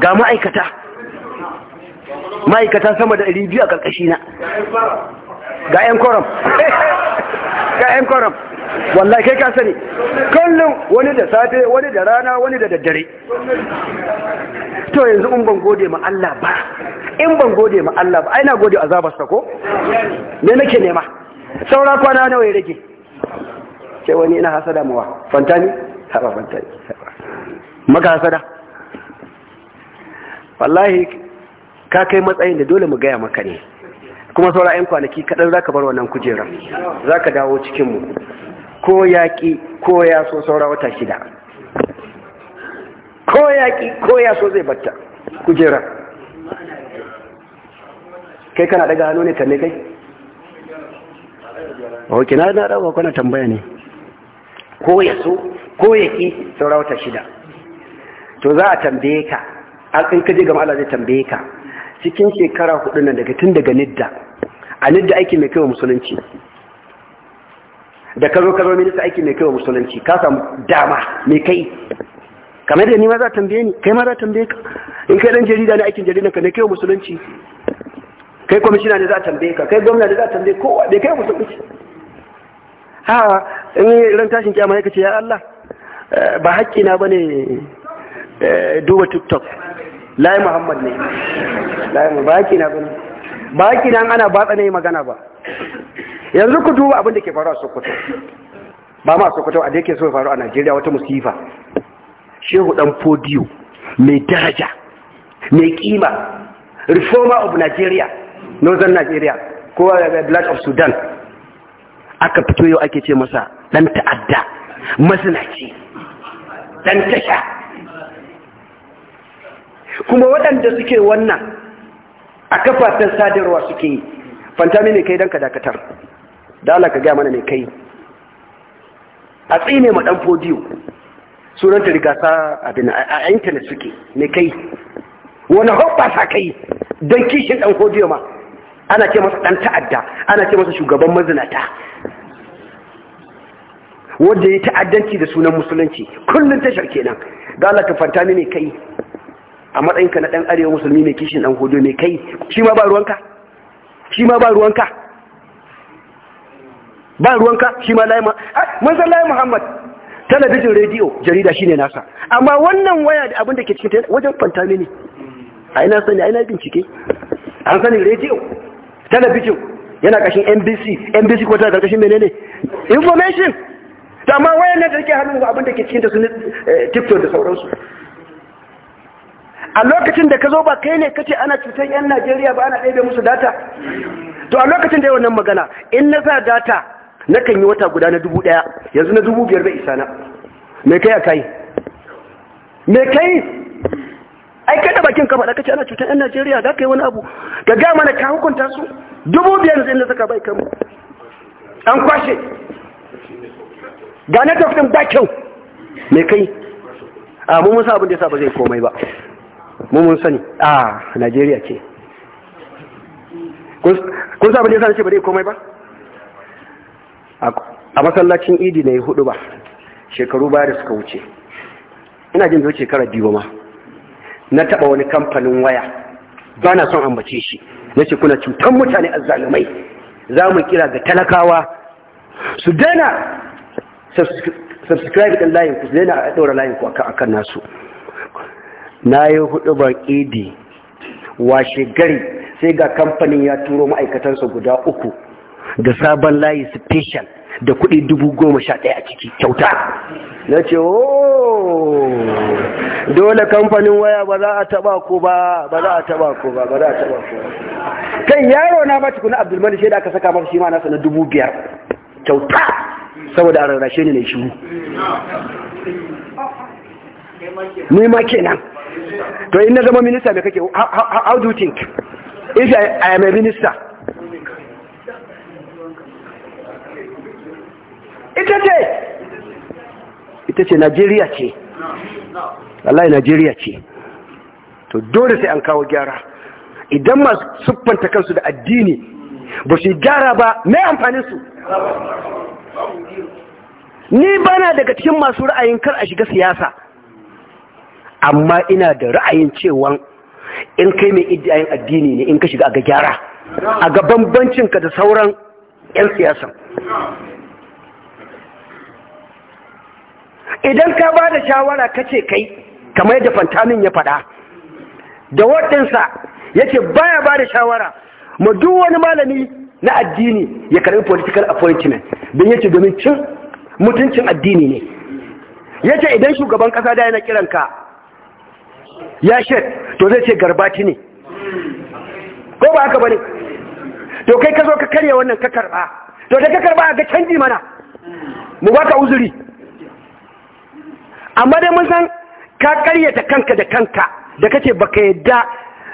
ga ma'aikata ma'aikata sama da biyu a ƙarƙashina ga yan koram ga yan koram wallahi kai ka sani kullum wani da safe wani da rana wani da daddare to yanzu in ban gode ma Allah ba in ban gode ma Allah ba ai na gode sa ko me nake nema saura kwana nawa ya rage sai wani ina hasada mawa fantani haba fantani maka hasada wallahi ka kai matsayin da dole mu gaya maka ne kuma saura 'yan kwanaki kaɗan za ka bar wannan kujerar za ka dawo cikinmu ko yaƙi ko ya so saura wata shida ko yaƙi ko ya so zai batta kujera kai kana daga hannu ne kalle kai ok na na ɗauka kwana tambaya ne ko ya so ko yaƙi saura wata shida to za a tambaye ka in ka je gama Allah zai tambaye ka cikin shekara hudu nan daga tun daga nidda a nidda aiki mai kai wa musulunci da ka zo ka zo minista aiki mai kai wa musulunci ka samu dama mai kai kamar da ni ma za tambaye ni kai ma za tambaye ka in kai dan jarida ne aikin jaridan ka ne kai wa musulunci kai kwamishina ne za tambaye ka kai gwamna ne za tambaye kowa da kai wa musulunci ha in ran tashin kiyama ne kace ya Allah eh, ba haƙƙi na bane eh, duba tiktok layi muhammad ne lai ba haƙƙi na bane ba haƙƙi na ana batsa ne magana ba yanzu ku duba abin da ke faru a sokoto ba ma sokoto a da yake so faru a najeriya wata musifa shehu dan podiyo mai daraja mai kima reformer of nigeria northern nigeria ko eh, eh, blood of sudan aka fito yau ake ce masa dan ta'adda masinaci dan tasha kuma waɗanda suke wannan a kafafen sadarwa suke yi fanta ne kai don ka dakatar da Allah ka gaya mana mai kai a tsine ma dan fodiyo sunan ta rigasa A abin a ne suke mai kai wani hoppa sa kai dan kishin dan fodiyo ma ana ce masa dan ta'adda ana ce masa shugaban mazinata wanda ya ta'addanci da sunan musulunci kullum tashar kenan da Allah ka fanta mai kai a matsayinka na dan arewa musulmi mai kishin dan hudu mai kai shi ma ba ruwanka shi ma ba ruwanka ba ruwanka shi ma layi ah, mun san layi muhammad talabijin rediyo jarida shine nasa amma wannan waya da abin da ke cikin wajen fanta ne a ina sani a ina bincike an sani rediyo talabijin yana kashin nbc nbc ko tana kashin menene information to amma wayan ne da take hannun abin da ke cikin ta sun eh, tiktok da sauransu a lokacin da ka zo ba kai ne kace ana cutar yan Najeriya ba ana ɗebe musu data to a lokacin da yawan nan magana in na sa data Na kan yi wata guda na dubu ɗaya yanzu na dubu biyar bai isa na me kai a kai me kai ai kada bakin kama da kace ana cutar yan Najeriya da aka yi wani abu ga gama mana ka hukunta su dubu biyar zai na saka bai kama an kwashe ga na tafi da kyau me kai a ah, mun musa abin da sa ba zai komai ba mun sani a ah, Najeriya ce kun sa abin da ya ce ba zai komai ba a masallacin idi na yi hudu ba shekaru baya da suka wuce ina jin zai shekara biyu ma na taba wani kamfanin waya ba na son ambace shi na ce kuna cutan mutane azzalumai za mu kira ga talakawa su dana subscribe ɗin layin ku su dana a ɗaura layin ku akan nasu na yi hudu ba idi washe gari sai ga kamfanin ya turo ma'aikatansa guda uku da sabon layi special da kuɗi dubu goma sha ɗaya a ciki kyauta na ce oh, dole kamfanin waya ba za a taba ku ba ba za a taba ku ba ba za a taba ku kan yaro na ba tukuna abdulmani shaida aka saka masa shi ma nasa na dubu biyar kyauta saboda a rarrashe ne na shi ni ma kenan to in na zama minista me kake how do you think if i am a minister ita ce ita ce najeriya ce wallahi najeriya ce to dole sai an kawo gyara idan masu siffanta kansu da addini ba su gyara ba mai su ni bana daga cikin masu ra'ayin kar a shiga siyasa amma ina da ra'ayin cewa in kai mai iddiyayin addini ne in ka shiga a ga gyara a ga bambancinka da sauran 'yan siyasa idan ka ba da shawara ka ce kai kamar yadda fantamin ya faɗa da waɗansa ya ce baya ba da shawara ma duk wani malami na addini ya karbi political appointment don ce domin cin mutuncin addini ne yace idan shugaban kasa da yana kiranka ya shed to zai ce garbati ne ko ba haka bane to kai ka zo ka karya wannan ka karba to da ka karba ga canji mana mu ba ka uzuri amma dai mun san ka karyata kanka da kanka da kace baka yadda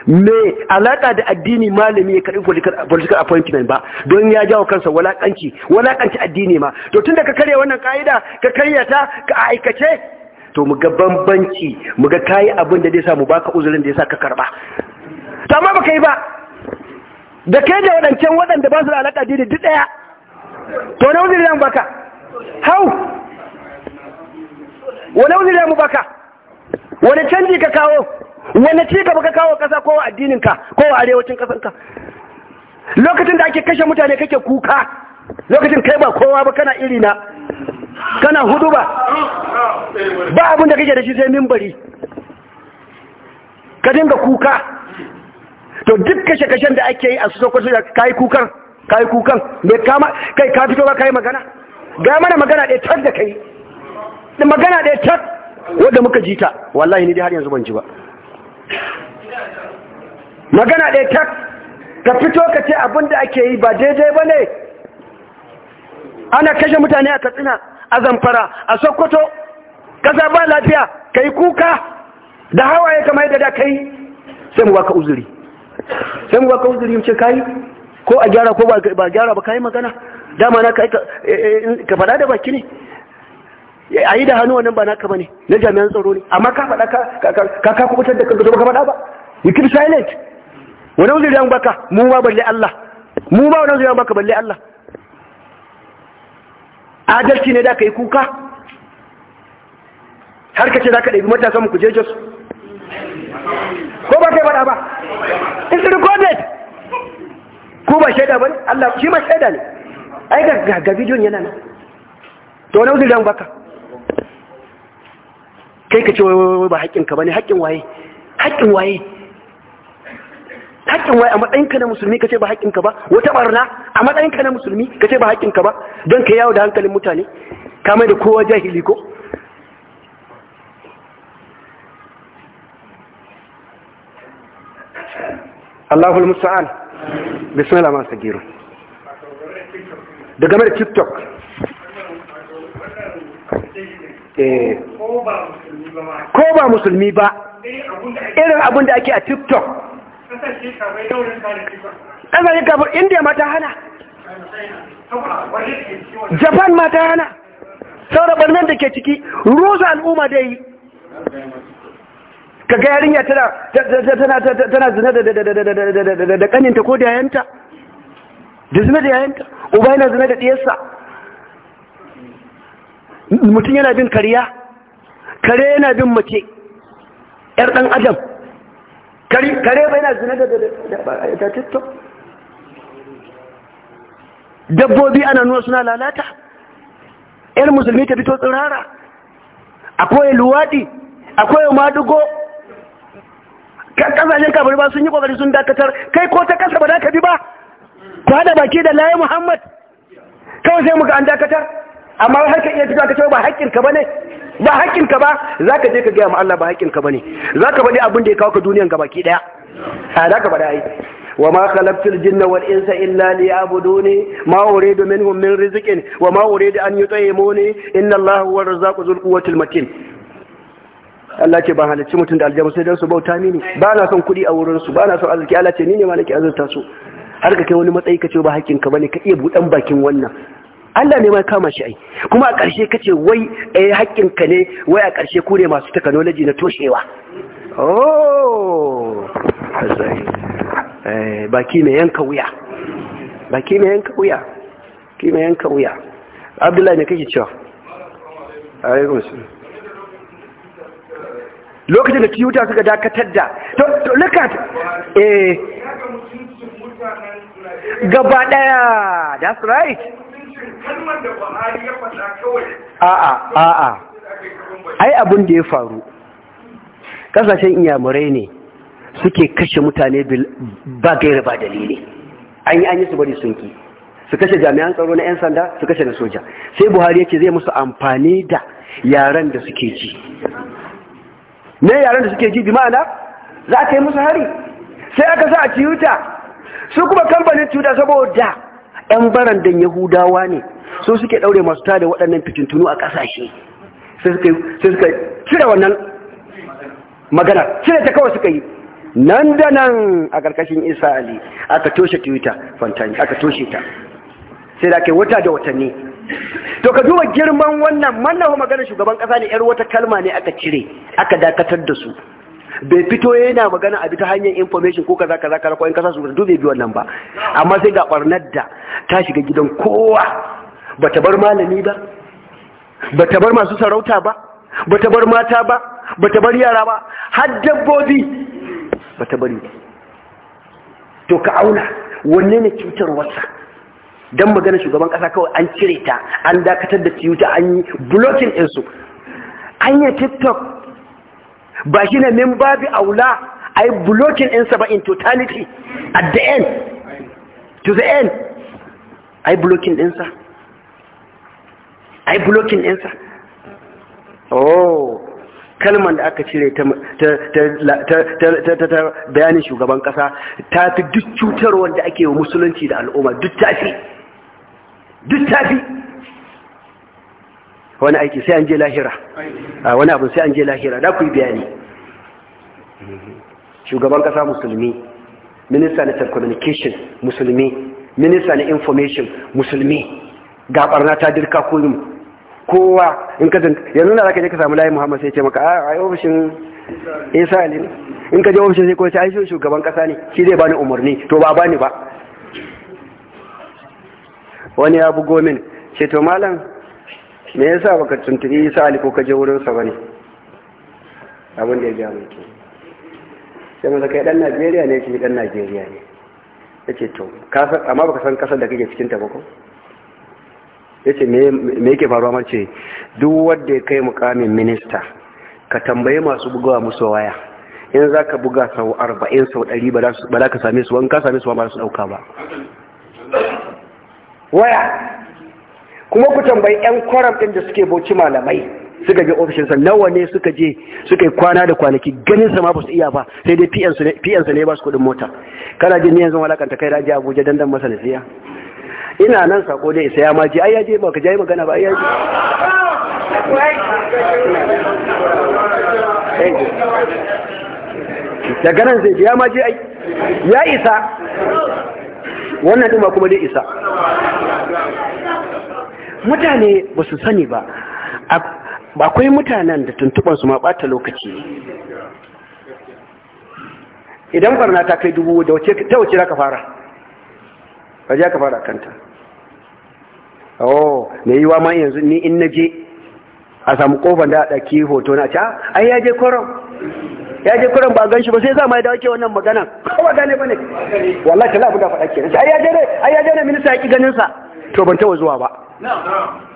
me alaka da addini malami ya karbi political appointment ba don ya jawo kansa walakanci walakanci addini ma to tunda ka karya wannan ka'ida ka karyata ka aikace to mu ga bambanci mu ga kayi abin da zai sa mu baka uzurin da yasa ka karba to amma baka yi ba da kai da wadancan wadanda ba su da alaka addini duk daya to na uzurin baka hau wani wuzuri mu baka wani canji ka kawo wani ci gaba ka kawo kasa ko addinin ka ko arewacin kasan lokacin da ake kashe mutane kake kuka lokacin kai ba kowa ba kana iri na kana hudu ba ba abin da kake da shi sai mimbari ka dinga kuka to duk kashe-kashen da ake yi a su sokoto da kayi kukan kayi kukan mai kama kai ka fito ba kayi magana ga mana magana ɗaya tar da kai da magana da ta wadda muka ji ta wallahi ni dai har yanzu ban ji ba magana da ta ka fito ka ce abin da ake yi ba daidai ba ne ana kashe mutane a katsina a zamfara a sokoto ƙasa ba lafiya ka yi kuka da hawaye kamar yadda da ka yi sai mu ba ka uzuri sai mu ba ka uzuri mace ka yi ko a gyara ko ba gyara ba ka yi magana dama na ka eh, eh, faɗa da baki ne a yi da hannu wannan ba naka bane na jami'an tsaro ne amma ka faɗa ka ka kubutar da kanka ba ka faɗa ba you keep silent wani wuzuri an baka mu ma balle Allah mu ma wani wuzuri an baka balle Allah adalci ne da ka yi kuka har ka ce za ka ɗabi matasan mu ku je jos ko ba kai faɗa ba it's recorded ko ba shaida ba ne Allah shi ma shaida ne ai ga ga bidiyon yana nan to wani wuzuri an baka kai ka ce wai ba haƙƙinka ba ne haƙƙin waye haƙƙin waye haƙƙin waye a matsayinka na musulmi ka ce ba haƙƙinka ba wata barna a matsayinka na musulmi ka ce ba haƙƙinka ba don ka yawo da hankalin mutane ka mai da kowa jahili ko Allahul Musa'an bismillah ma sagiru da game da TikTok ko ba musulmi ba irin abin da ake a tiktok ƙasashe gabar indiya ma ta hana japan ma ta hana saurabar nan da ke ciki rusa al'umma da yi ka ga yarinya tana zina da ƙaninta ko da yayanta da zina da yayanta uba yana zina da ɗiyarsa mutum yana bin kariya kare yana bin mace ‘yar ɗan adam kare bai na zina da da tiktok dabbobi ana nuna suna lalata ‘yar musulmi ta fito tsirara akwai luwaɗi akwai madugo ƙasashen kafin ba sun yi ƙoƙari sun dakatar kai ko ta ƙasa ba za ka bi ba ku haɗa baki da layi muhammad kawai sai muka an dakatar amma har ka iya fitowa ka ce ba haƙƙin ka bane ba haƙƙin ka ba zaka je ka gaya ma Allah ba haƙƙin ka bane zaka faɗi abin da ya kawo ka duniyan ga baki daya a zaka faɗa ai wa ma khalaqtul jinna wal insa illa liya'buduni ma uridu minhum min rizqin wa ma uridu an yut'imuni inna Allaha huwa razzaqu dhul al matin Allah ce ban halicci mutum da aljamu sai dan su bauta mini ba na son kuɗi a wurin su ba na son arziki Allah ce ni ne malaki azurta su har ka kai wani matsayi ka ce ba haƙƙin ka bane ka iya budan bakin wannan Allah ne ma kama shi ai kuma a ƙarshe kace wai eh haƙƙin ka ne wai a ƙarshe ku ne masu technology na toshewa oh eh baki mai yanka wuya baki mai yanka wuya ki mai yanka wuya Abdullahi ne kake cewa alaikum salam lokacin da tiyuta suka dakatar da to to at eh gaba daya that's right kalmar a'a a'a ai abin da ya faru Ƙasashen iyamurai ne suke kashe mutane ba gaira ba dalili an yi an yi su bari sun su kashe jami'an tsaro na 'yan sanda su kashe na soja sai buhari yake zai musu amfani da yaren da suke ji ne yaren da suke ji bi ma'ana za a kai musu hari sai aka sa a ciyuta. su kuma kamfanin tuta saboda 'yan da yahudawa ne so suke ɗaure masu tada waɗannan fitintunu a ƙasashe sai suka cire wannan magana cire ta kawai suka yi nan da nan a ƙarƙashin isa ali aka toshe twitter fantani aka toshe ta sai da ake wata da watanni to ka duba girman wannan mannahu magana shugaban ƙasa ne 'yar wata kalma ne aka cire aka dakatar da su bai fito yana magana a bi ta hanyar information ko kaza kaza kaza ko in kasa su duk bai biyu wannan ba amma sai ga barnar da ta shiga gidan kowa bata bar malami ba bata bar masu sarauta ba bata bar mata ba bata bar yara ba har dabbobi bata bari to ka auna wanne ne cutar wasa dan magana shugaban kasa kawai an cire ta an dakatar da tiyuta an yi blocking ɗinsu an yi tiktok ba shi ne min babi aula a yi blocking ɗinsa ba in totality at the end to the end a yi blocking ɗinsa a yi blocking ɗinsa oh kalman da aka cire ta bayanin shugaban kasa ta fi duk cutarwar da ake wa musulunci da al'umma duk tafi duk tafi wani aiki sai an je lahira a wani abu sai an je lahira da ku yi bayani shugaban kasa musulmi minista na telecommunication musulmi minista na information musulmi ga barna ta dirka kullum kowa in ka yanzu na zaka je ka samu layi muhammad sai ce maka a ah, ai ofishin isa ali in ka je ofishin sai ko sai ai shugaban kasa ne shi zai bani umarni to ba bani ba wani ya bugo min ce to malam me yasa baka tuntubi Isa Ali ko ka je wurin sa bane abin da ya ja mai sai mu kai dan Najeriya ne ki dan Najeriya ne yace to ka san amma baka san kasar da kake cikin ta ba ko yace me me yake faruwa mace duk wanda ya kai mukamin minista ka tambaye masu bugawa musu waya in za ka buga sau arba'in sau ɗari ba za ka same su wani ka same su ba su ɗauka ba waya kuma ku tambayi yan kwaram ɗin da suke boci malamai suka je ofishinsa nawa ne suka je suka yi kwana da kwanaki ganin sa ma ba su iya ba sai dai pn sa ne ba su kuɗin mota kana jin yanzu walakanta kai raji Abuja dan dandan masa nasiya ina nan sako dai sai ya ma je ai ya je ba ka jayi magana ba ai ya je da nan zai ya ma je ai ya isa wannan ɗin kuma dai isa mutane ba su sani ba akwai mutanen da su ma bata lokaci idan barna ta kai dubu da ta wace za ka fara ba za ka fara kanta oh me yiwa ma yanzu ni in na je a samu kofar da a ɗaki hoto na ce ah, ai ya je koron ya je koron ba gan shi ba sai za mu da ake wannan magana ko ba gane bane wallahi ta lafi da faɗa kenan ai ya je ne ai ya je ne minista ya ki ganin sa to ban taɓa zuwa ba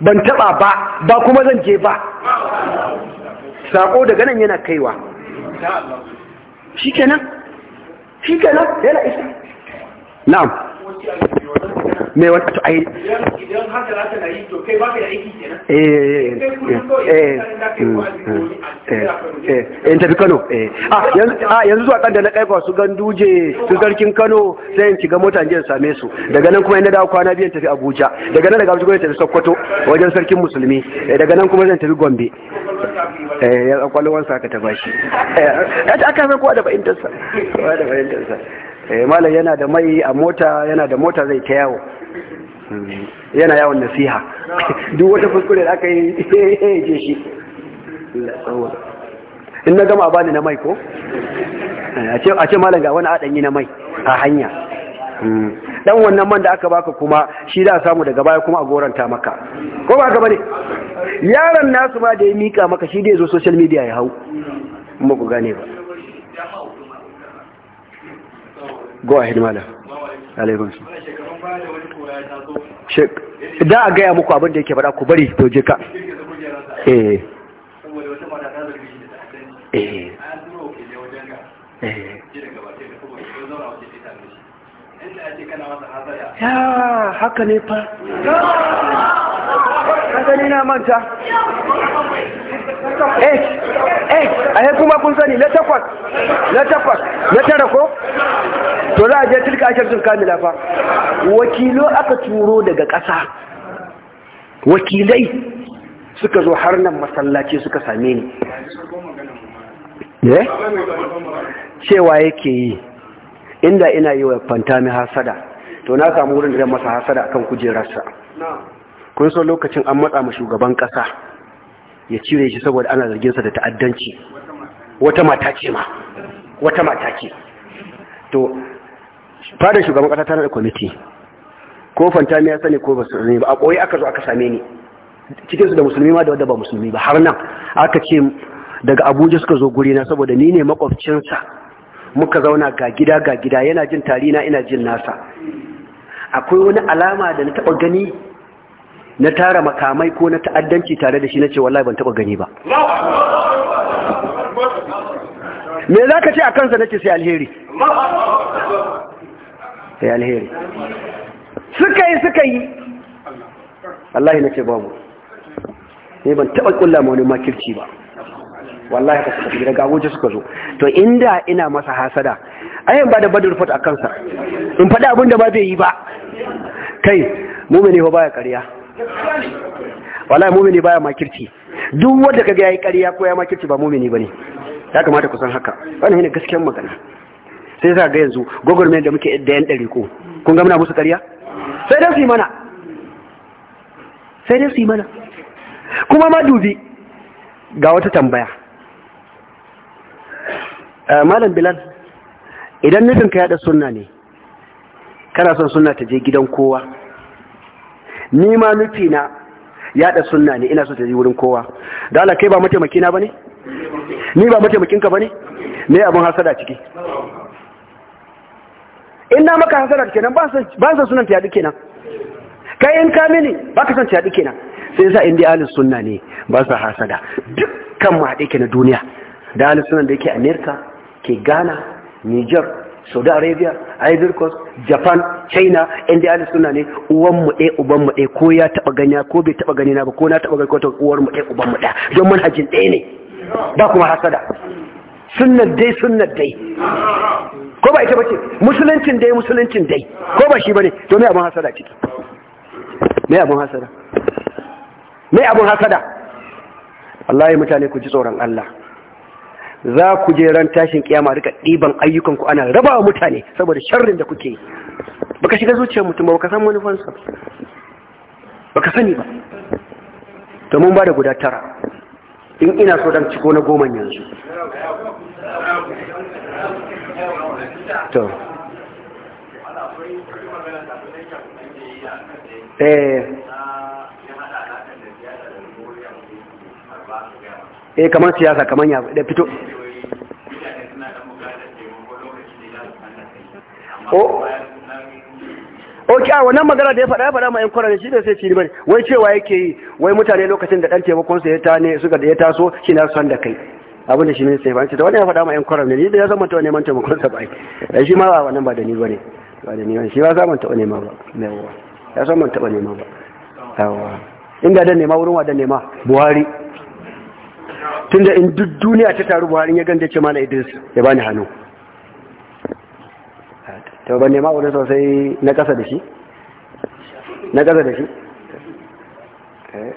ban taba ba ba kuma zan je ba sako daga nan yana kaiwa shikenan shikenan yana isa na'am me wata to ai idan haka za ta yi to kai ba ka aiki kenan eh, eh, eh, mm, mm, eh in tafi Kano eh ah yanzu ah, zuwa kan da na kaifa su duje su garkin Kano sai in shiga mota in same su daga nan kuma in da kwana biyan tafi Abuja daga nan daga Abuja tafi Sokoto wajen sarkin musulmi daga nan kuma zan tafi Gombe eh ya kwalwan sa ka ta bashi eh aka san kowa da fahimtarsa kowa da fahimtarsa eh malam yana da mai a mota yana da mota zai ta yawo yana yawon nasiha duk wata fuskure da aka yi eh, je shi in na gama bani na mai ko eh, a ce malam ga wani adanyi na mai a hanya hmm. dan wannan man da aka baka kuma shi da samu daga baya kuma a goranta maka ko ba gaba bane yaron nasu ma da ya mika maka shi da ya zo social media ya hau ba ku gane ba go ahead malam alaikum da a gaya muku abin da yake bada ku bari to je ka eh. Eh. Eh. ya haka ne fa an sani na manta eh eh a kuma kun sani na takwas na tara ko to za a je tilka ashirin kamila fa wakilo aka turo daga ƙasa wakilai suka zo har nan masallaci suka same ni eh cewa yake yi inda ina yi wa fanta mai hasada to na samu wurin da masa hasada akan kujerarsa kun so lokacin an matsa ma shugaban ƙasa ya cire shi saboda ana zarginsa da ta'addanci wata mata ce ma wata mata ce to fadar shugaban ƙasa tana da kwamiti ko fantami ya sani ko ba su ba a ɓoye aka zo aka same ni cikinsu da musulmi ma da wadda ba musulmi ba har nan aka ce daga abuja suka zo guri na saboda ni ne makwabcinsa muka zauna ga gida ga gida yana jin tari na ina jin nasa akwai wani alama da na taba gani na tara makamai ko na ta'addanci tare da shi na ce wallahi ban taba gani ba me za ka ce a kansa ce sai alheri sai alheri suka yi suka yi wallahi ce babu ne ban taba kulla ma wani makirci ba wallahi ka suka daga abuja suka zo to inda ina masa hasada ayin ba da badar report a kansa in faɗi abin da ba zai yi ba kai mumini ba baya ƙarya wallahi mumini baya makirci duk wanda kaga yayi ƙarya ko ya makirci ba mumini bane ya kamata ku san haka wannan ne gaskiyar magana sai sa ga yanzu gogormen da muke da yan dare ko kun ga muna musu ƙarya sai dai su yi mana sai dai su yi mana kuma ma dubi ga wata tambaya eh, malam bilal idan nufin ka da sunna ne kana son sunna ta je gidan kowa ni ma nufi na yada sunna ne ina so ta yi wurin kowa da ala kai ba mataimaki na bane ni ba mataimakin ka bane me abin hasada ciki in na maka hasada kenan ba san ba san sunan ta yadu kenan kai in ka mini ba ka san ta yadu kenan sai yasa in dai ahlus sunna ne ba sa hasada dukkan mu haɗe ke na duniya da ahlus sunna da yake America ke Ghana Niger saudi arabia ivory coast japan china inda ya suna ne uwan mu ɗaya uban mu ɗaya ko ya taɓa ganya ko bai taɓa gani na ba ko na taɓa gani ko ta uwar mu ɗaya uban mu ɗaya don manhajin ɗaya ne ba kuma hasada sunnar dai sunnar dai ko ba ita ce musuluncin dai musuluncin dai ko ba shi bane to me abun hasada ciki me abun hasada me hasada mutane ku ji tsoron Allah za ku je ran tashin kiyama duka ɗiban ayyukanku ana raba wa mutane saboda sharrin da kuke baka shiga zuciyar mutum ba baka san manufansa baka sani ba to mun ba da guda tara in ina so dan ciko na goma yanzu to eh eh kamar siyasa kamar ya da fito o ki a wannan magana da ya faɗa ya faɗa ma yan kwarar shi ne sai ci bane wai cewa yake yi wai mutane lokacin da ɗan taimakon su ya ta ne suka da ya taso shi na son da kai abin da shi ne sai ba da wani ya faɗa ma yan kwarar ne da ya zama ta neman taimakon sa bai ai shi ma ba wannan ba da ni bane ba da ni bane shi ba zaman taɓa nema ba yawa ya zaman ne nema ba yawa inda da nema wurin wa da nema buhari tunda in duk duniya ta taru buhari ya ganda ce mala idris ya bani hannu ta ban nema wani sosai na kasa da shi na kasa da shi eh.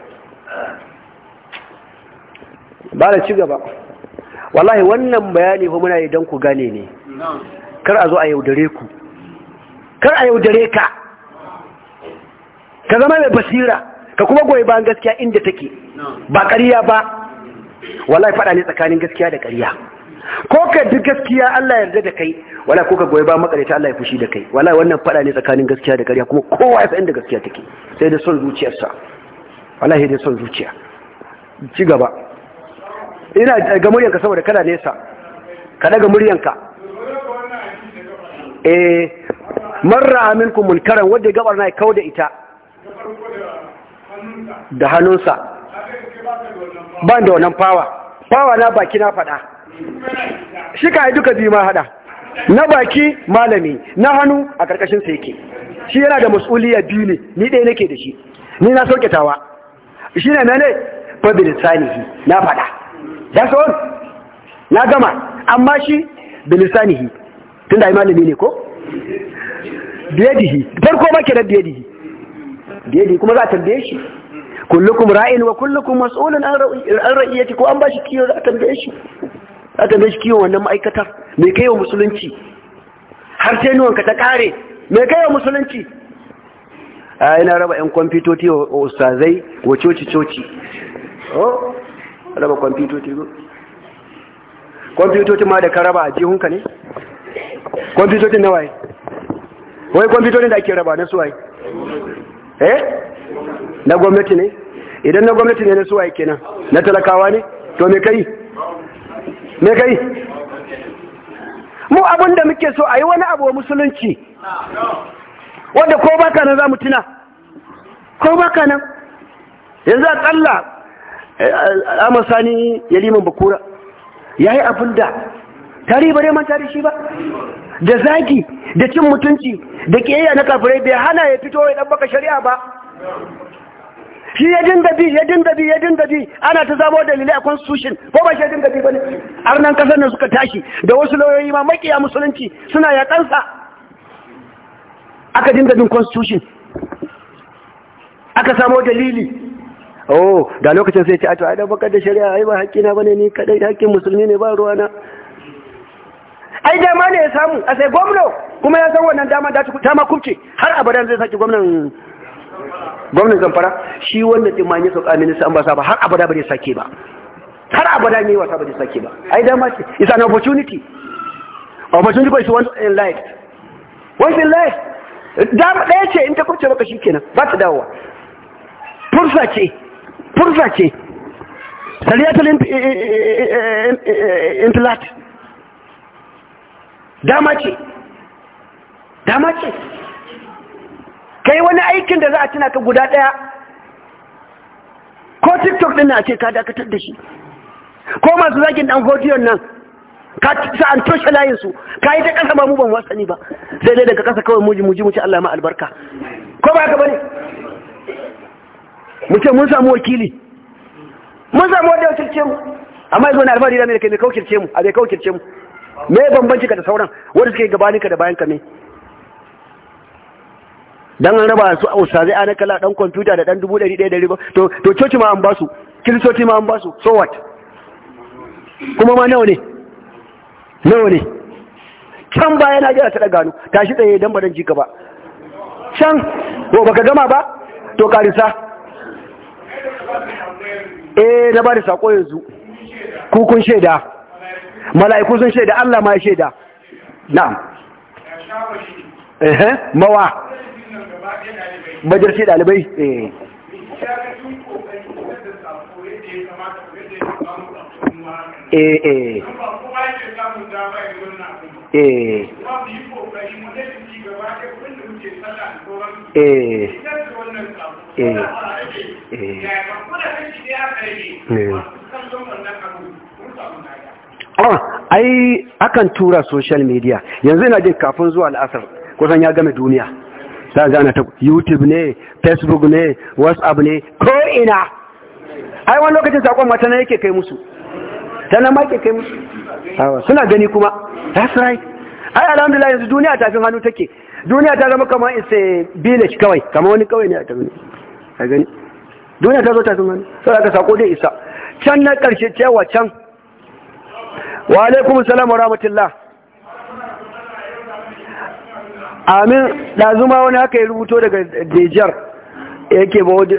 ba da ci gaba wallahi wannan bayani ko muna idan ku gane ne kar a zo a yaudare ku kar a yaudare ka ka zama mai basira ka kuma goyi ba gaskiya inda take ba kariya ba wallahi faɗa ne tsakanin gaskiya da ƙarya ko ka duk gaskiya Allah yarda da kai wala ko ka goyi ba makareta Allah ya fushi da kai wala wannan fada ne tsakanin gaskiya da ƙarya kuma kowa ya san da gaskiya take sai da son zuciyarsa wallahi da son zuciya ci gaba ina ga muryanka saboda kana nesa ka daga muryanka eh marra aminkum munkaran wanda gabar na kawo da ita da hannunsa ba da wannan fawa fawa na baki na faɗa shi ka yi duka biyu ma haɗa na baki malami na hannu a sa yake shi yana da mas'uliyya biyu ne ni ɗaya nake da shi ni na tawa shi ne mene fabilisanihi na faɗa da all na gama amma shi bilisanihi tun da malami ne ko biyadihi farko ma kenan biyadihi biyadihi kuma za a tambaye shi kullukum ra'in wa kullukum mas'ulun an ra'iyati ko an bashi kiyo za a tambaye shi za a tambaye shi kiyo wannan ma'aikatar me kai wa musulunci har sai nuwanka ta kare me kai wa musulunci a ina raba yan kwamfitoci wa ustazai wa coci coci oh raba kwamfitoci kwamfitoci ma da ka raba a jihunka ne kwamfitocin na waye wai kwamfitocin da ake raba na suwaye eh na gwamnati ne idan na gwamnati ne na suwaye kenan na talakawa ne to me kai me kai mu abun da muke so a yi wani abu musulunci wadda ko baka nan za mu tuna ko baka nan yanzu a tsalla eh, amasani sani bakura ya yi abin da tari bare man tari shi ba da zagi da cin mutunci da ƙeya na kafirai bai hana ya fito ya ɗan shari'a ba shi ya dinda bi ya dinda bi ya dinda bi ana ta zabo dalilai a constitution ko ba shi ya dinga bi bane nan kasar nan suka tashi da wasu lauyoyi ma makiya musulunci suna ya kansa aka dinda bin constitution aka samo dalili oh da lokacin sai ce a to ai da bakar da shari'a ai ba na bane ni kadai haƙƙin musulmi ne ba ruwana ai da ma ne ya samu a sai gwamnati kuma ya san wannan dama da ta ma har abadan zai saki gwamnan gwamnan zamfara shi wannan ɗin ma ya sauka minista an ba sa ba har abada ba zai sake ba har abada ne wasa ba zai sake ba ai dama ce it's an opportunity opportunity ba is once in life once in life dama ɗaya ce in ta kurce maka shi kenan ba ta dawowa fursa ce fursa ce saliyatul intilat dama ce dama ce kai wani aikin da za a cina ka guda ɗaya ko tiktok ɗin na ce ka dakatar da shi ko masu zagin ɗan hodiyon nan ka sa an toshe layinsu ka yi ta ƙasa ba mu ban wasa ni ba sai dai daga ƙasa kawai muji muji muci Allah ma albarka ko ba ka bane mu ce mun samu wakili mun samu wanda wakilce mu amma yanzu wani albari da mai kai mai kawakilce mu a bai kirce mu me bambanci ka da sauran wanda suke gabanin ka da bayan ka ne dan an raba su ustazai ana kala dan kwamfuta da dan 1100 to to coci ma an ba su kiristoci ma an ba su so what kuma ma nawa ne nawa ne can ba yana jira ta da gano shi tsaye dan badan jika ba can ko baka gama ba to karisa eh na ba da sako yanzu ku kun shaida mala'iku sun shaida Allah ma ya shaida na'am eh mawa majalci dalibai eh, eh, eh. eh. Ah, ai akan tura social media yanzu ina jin kafin zuwa al'asar kusan ya game duniya za ga ta youtube ne facebook ne whatsapp ne ko ina ai wani lokacin sakon mata na yake kai musu ta nan ma ke kai musu suna gani kuma that's right ai alhamdulillah yanzu duniya tafin hannu take duniya ta zama kamar isa village kawai kamar wani kawai ne a ta gani duniya ta zo ta zama da ka sako dai isa can na karshe cewa can wa alaikum salam wa rahmatullah amin ɗazuma wani haka ya rubuto daga dejar yake boys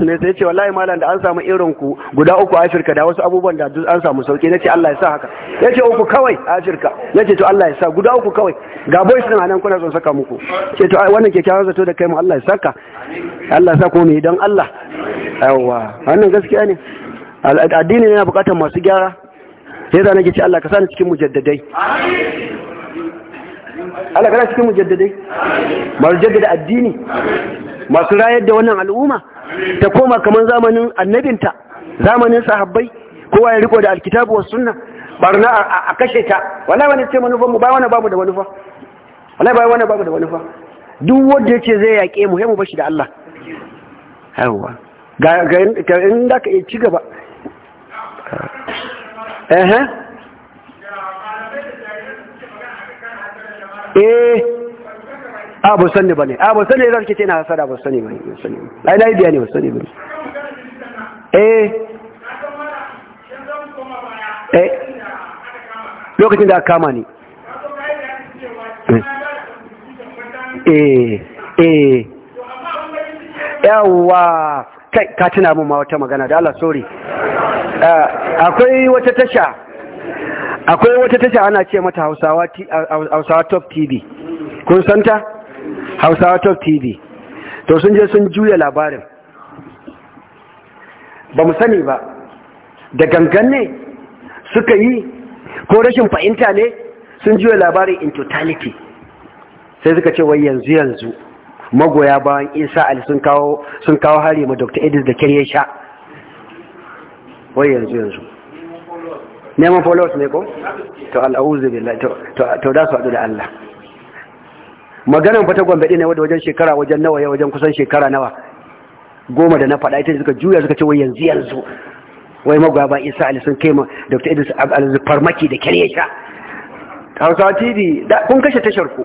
ne sai ce wallahi malam da an samu irin ku guda uku afirka da wasu abubuwan da an samu sauki nace Allah ya sa haka yace uku kawai afirka nace to Allah ya sa guda uku kawai ga boys din anan kuna son saka muku ce to wannan kyakkyawan zato da kai mu Allah ya saka Allah ya sa ko mu dan Allah yawa wannan gaskiya ne addini yana bukatar masu gyara sai da nake ce Allah ka sa ni cikin mujaddadai Allah kana cikin mujaddadai masu jaddada addini masu rayar da wannan al'umma ta koma kamar zamanin annabinta zamanin sahabbai kowa ya riko da alkitabu was sunna barna a kashe ta wallahi wani ce manufan mu ba wani babu da manufa wallahi ba wani babu da manufa duk wanda yake zai yaƙe mu sai mu bashi da Allah yawa ga ga in da ka ci gaba eh eh eh a ba sani ba ne a ba sani zan kice na hasada ba sani ba ne ai na biya ne ba sani ba ne eh eh lokacin da aka kama ni eh eh yawa kai ka tuna min ma wata magana da Allah sorry eh, akwai wata tasha akwai wata tasha ana ce mata hausawa top tv kun santa hausawa top tv to sun je sun juya labarin ba mu sani ba da gangan ne suka yi ko rashin fahimta ne sun juya labarin in totality sai suka ce wai yanzu yanzu magoya bayan isa ali sun kawo hari ma dr edis da kiryar sha wai yanzu yanzu neman followers ne ko to al'auzu billahi to da su haɗu da Allah maganan fata gombe ɗin wajen shekara wajen nawa ya wajen kusan shekara nawa goma da na faɗa ita suka juya suka ce wai yanzu yanzu wai magoya ba isa ali sun kai ma dr idris al farmaki da kare ya sha hausawa tv kun kashe tashar ku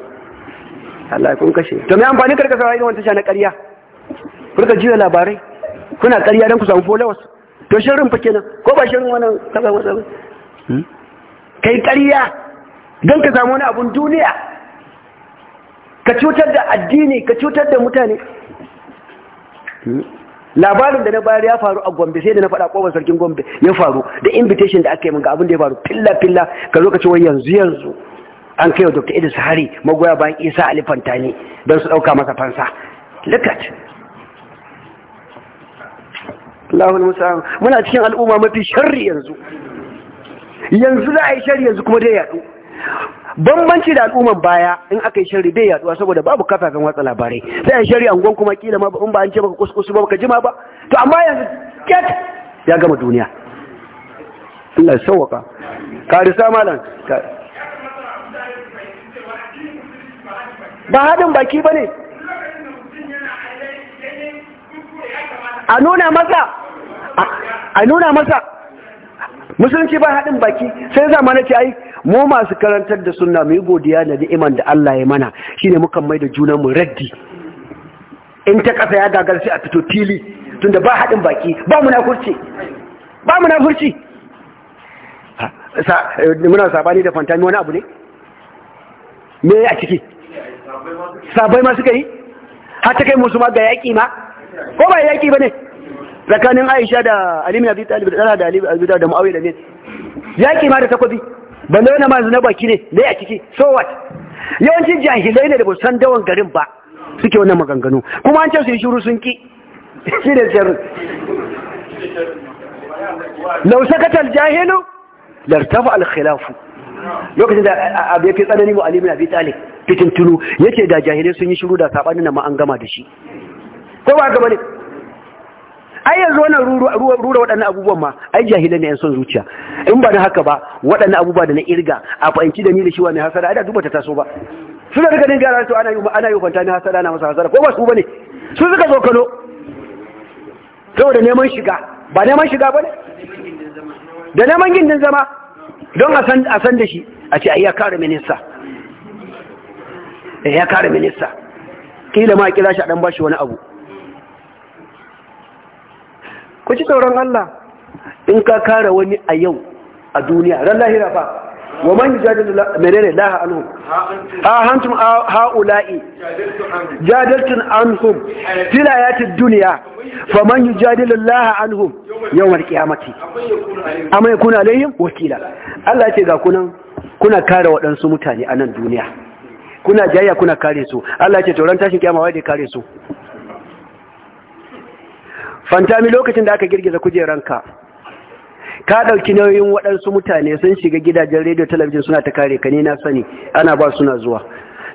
Allah kun kashe to me amfani karka saurari wannan tasha na ƙarya kurka jiya labarai kuna ƙarya don ku samu followers to shirin fa kenan ko ba shirin wannan kaza wannan Hmm? kai ƙarya don ka samu wani abun duniya ka cutar da addini ka cutar da mutane hmm? labarin da na bayar ya faru a gombe sai da na faɗa kowar sarkin gombe ya faru da invitation da aka yi min ga abin da ya faru filla-filla ka zo ka ci yanzu yanzu an kai wa dr idris hari magoya bayan isa ali fantani don su ɗauka masa fansa look at Allahul Musa muna cikin al'umma mafi sharri yanzu yanzu za a yi shari yanzu kuma dai yaɗu bambanci da al'umman baya in aka yi shari dai yaduwa saboda babu kafafen watsa labarai sai a yi shari angon kuma kila ma in ba an ce baka kuskusu ba baka jima ba to amma yanzu ket ya gama duniya ina sauwaka karisa malam ba haɗin baki ba ne a nuna masa a nuna masa musulunci ba haɗin baki sai za mana ce ai mu masu karantar da sunna mu yi godiya da ni'iman da Allah ya mana shi ne muka mai da junan mu raddi in ta ƙasa ya gagar sai a fito fili tunda ba haɗin baki ba furci. ba furci. muna sabani da fantami wani abu ne me a ciki sabai ma suka yi har ta kai musu ma ga yaƙi ma ko ba yaƙi ba ne tsakanin Aisha da Alimina bin Abi da da Ali bin da Muawiya da ne yaƙi ma da takobi da wani mazi na baki ne dai ya ciki so what yawancin jahilai ne da san dawon garin ba suke wannan maganganu kuma an ce su yi shuru sun ki shi da sharri law sakata al-jahilu lartafa al lokacin da abu ya fi tsanani wa Ali bin Abi Talib fitin tulu da jahilai sun yi shuru da sabanin nan ma an gama da shi ko ba gaba ne ai yanzu wannan rura waɗannan abubuwan ma ai jahilan ne yan son zuciya in ba da haka ba waɗannan abubuwa da na irga a fahimci da ni da shi wani hasara ai da duba ta taso ba suna daga ganin gara to ana yi ana yi kwanta ni hasara na masa hasara ko ba su bane su suka zo kano saboda neman shiga ba neman shiga bane da neman gindin zama don a san a san da shi a ce ai ya kare minista eh, ya kare minista kila ma kira shi a dan bashi wani abu ku ci tsoron Allah in ka kare wani a yau a duniya ran lahira ba wa man jadal menene ha anhum ha hantum ulai jadaltun anhum fil ayati dunya man yujadil Allah anhum al qiyamati amma yakun alaihim wakila Allah ce ga kunan kuna kare wadansu mutane a nan duniya kuna jayya kuna kare su Allah ce to ran tashin kiyama wai da kare su fantami lokacin da aka girgiza kujeranka ka ɗauki nauyin waɗansu mutane sun shiga gidajen rediyo talabijin suna ta kare ka ne na sani ana ba suna zuwa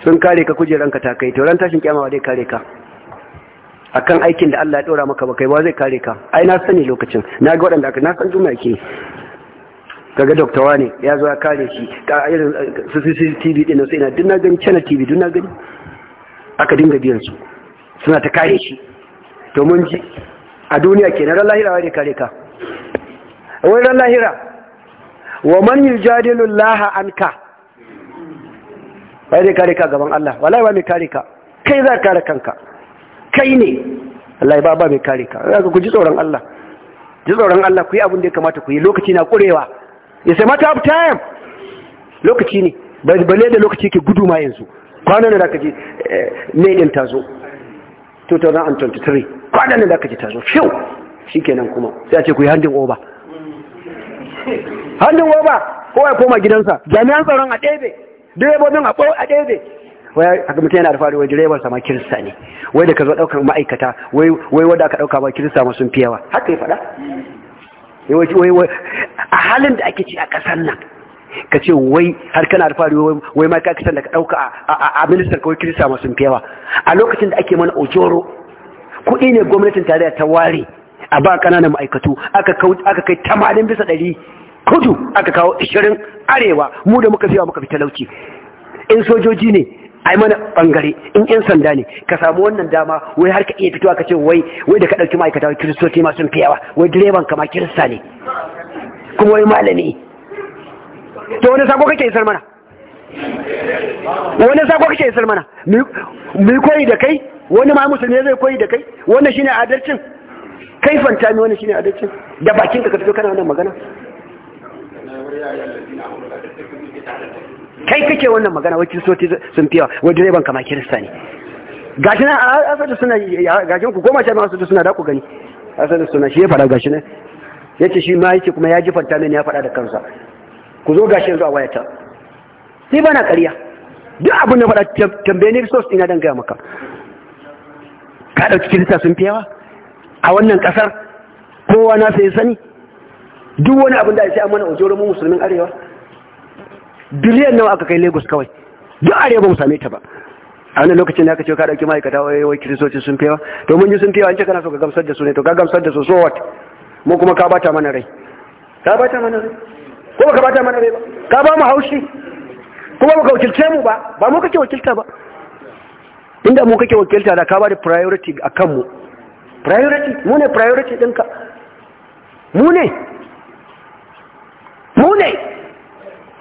sun kare ka kujeranka ta kai tauran tashin kyamawa zai kare ka akan aikin da Allah ya ɗora maka ba kai ba zai kare ka ai na sani lokacin na ga waɗanda aka na san juma ke kaga dokta wane ya zo ya kare shi ka irin CCTV din sai na duk na gani cana TV duk na gani aka dinga biyan su suna ta kare shi to mun ji a duniya kenan ran lahira wani kare ka wai ran lahira wa man laha an ka wai kare ka gaban Allah wallahi ba mai kare ka kai za ka kare kanka kai ne wallahi ba ba mai kare ka zaka ku ji tsoron Allah ji tsoron Allah ku yi abin da ya kamata ku yi lokaci na kurewa ya sai mata up lokaci ne bale da lokaci ke gudu ma yanzu kwanan da ka ji eh, ne ta tazo 2023 kwanan da aka ji ta zo fiyo shikenan kuma sai a ce ku yi handin oba handin oba kowa ya koma gidansa jami'an tsaron a ɗebe direbobin a ɗebe wai haka mutum yana da faruwa direban sama kirista ne wai da ka zo ɗaukar ma'aikata wai wadda aka ɗauka ba kirista ma sun fiyawa haka ya faɗa a halin da ake ci a ƙasar nan ka ce wai har kana da faruwa wai ma ka da ka ɗauka a ministar kawai kirista ma sun fiyawa a lokacin da ake mana ojoro kuɗi ne gwamnatin tarayya ta ware a ba ƙananan ma'aikatu aka kai tamanin bisa ɗari kudu aka kawo ishirin arewa mu da muka fiya muka fi talauci in sojoji ne ai mana ɓangare in ƴan sanda ne ka samu wannan dama wai har ka iya fitowa ka ce wai wai da ka ɗauki ma'aikata wai kiristoci ma sun fiyawa wai direban kama kirista ne kuma wai malami to wani sako kake isar mana wani sako kake isar mana mu koyi da kai wani ma musulmi zai koyi da kai wannan shine adalcin kai fanta ne wannan shine adalcin da bakin ka ka fito kana wannan magana kai kake wannan magana wakil soti sun fiya wa direban kama kirista ne gashi na asali suna gashi ku goma sha ma asali suna da ku gani asali suna shi ya fara gashi ne yace shi ma yake kuma ya ji fanta ne ya fada da kansa ku zo gashi yanzu a wayata sai bana kariya duk abin da faɗa tambaye ne resource ina dan gaya maka ka ɗauki kirista sun fi yawa a wannan ƙasar kowa na sai sani duk wani abin da ya sai mana ojoron mu musulmin arewa biliyan nawa aka kai lagos kawai duk arewa ba mu same ta ba a wannan lokacin da aka ce ka ɗauki ma'aikata wai kiristoci sun fi yawa to mun ji sun fi yawa in ce kana so ka gamsar da su ne to ka gamsar da su so what mu kuma ka bata mana rai ka bata mana rai ko ba ka bata mana rai ba ka ba mu haushi kuma ba ka wakilce mu ba ba mu kake wakilta ba inda mu kake wakilta da ka ba da priority a kanmu priority mu ne priority ɗinka mu ne mu ne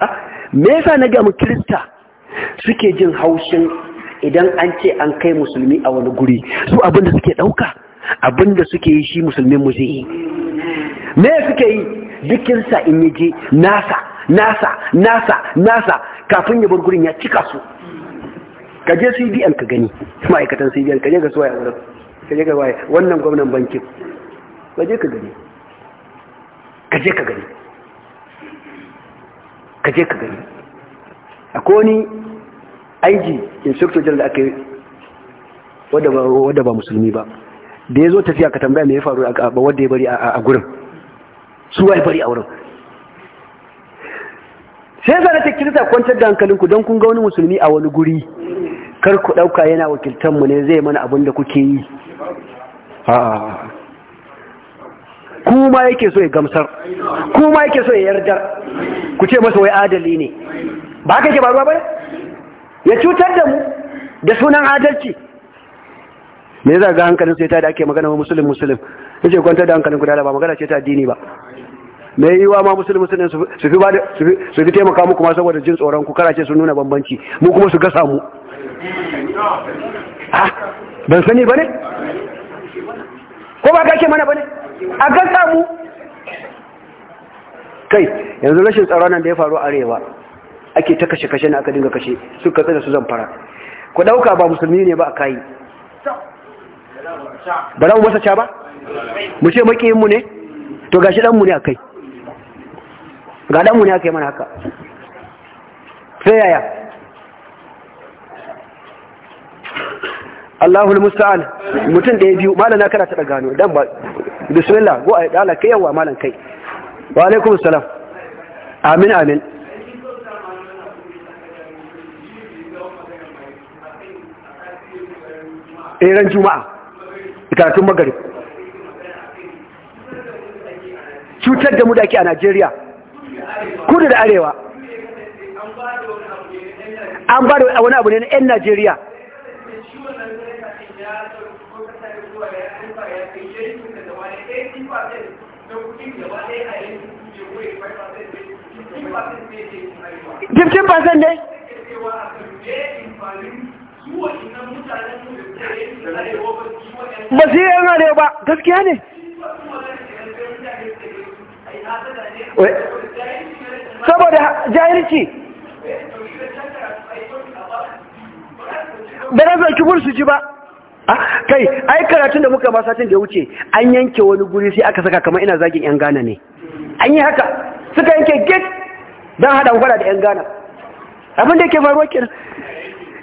ah, me yasa na gamu kirista suke jin haushin idan an ce an kai musulmi a wani guri su abinda suke ɗauka abinda suke yi shi musulmin mu zai yi me suke yi jikinsa in yaje nasa nasa nasa nasa kafin ya bar gurin ya cika su ka je CBN ka gani ma'aikatan CBN ka je ga suwaye wurin ka je ga waye wannan gwamnan bankin ka je ka gani ka je ka gani ka je ka gani akwai wani aiki instructor general da aka yi wadda ba musulmi ba da ya zo tafiya ka tambaya mai ya faru a wadda ya bari a gurin su ya bari a wurin sai zane ta kirta kwantar da hankalinku don kun ga wani musulmi a wani guri kar ku ɗauka yana wakiltanmu ne zai mana abin da kuke yi kuma yake so ya gamsar kuma yake so ya yardar ku ce masa wai adali ne ba haka ke ba ruwa ba ya cutar da mu da sunan adalci me za ga hankalin sai ta da ake magana wa musulun musulun yace kwantar da hankalin ku da ba magana ce ta addini ba me yiwa ma musulun musulun su fi taimaka muku ma saboda jin tsoron ku ce sun nuna bambanci mu kuma su gasa mu ban sani ba ne? ko ba ka mana ba ne? a gasa mu kai yanzu rashin tsara nan da ya faru arewa ake ta kashe-kashe na aka dinga kashe su suka tsada su zamfara ku ɗauka ba musulmi ne ba a kayi ba za mu masa ca ba? mu ce makiyinmu ne? to gashi ɗanmu ne a kai ga ɗanmu ne a kai mana haka sai yaya Allahul musta'an mutum da ya biyu malam na kana ta gano dan ba bismillah go ai dala kai yawa malam kai wa alaikum salam amin amin eh, ran juma'a karatun magari cutar da mu da ake a Najeriya kudu da arewa an ba da wani abu ne na 'yan Najeriya ya ko ta sai zuwa ya ba da kuɗi da wani a ba gaskiya ne saboda jahilci ba na zarki gursu ji ba Ah, kai ai karatun da muka ba satin da wuce an yanke wani guri sai aka saka kamar ina zagin yan Ghana ne an yi haka suka yanke gate don haɗa gwada da yan Ghana abin da yake faruwa kin,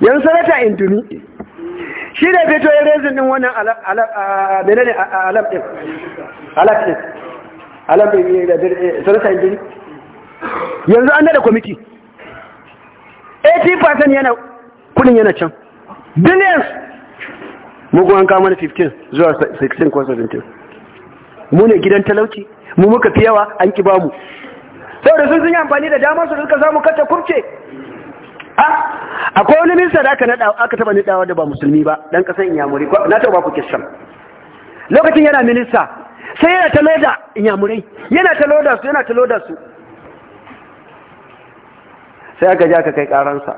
yanzu sanata indumi shi da fito ya rezin eh, din wannan menene alam din alam din alam din sanata indumi yanzu an nada kwamiti 80% yana kudin yana can billions mugu an kama na 15 zuwa 16 ko 17 mu ne gidan talauci mu muka fi yawa an ki bamu saboda sun sun yi amfani da damar su da suka samu kace kurce a akwai wani minista da aka nada aka taba nadawa da ba musulmi ba dan kasan inyamuri na taba ku kishan lokacin yana minista sai yana ta loda inyamurai yana ta loda su yana ta loda su sai aka ja ka kai karansa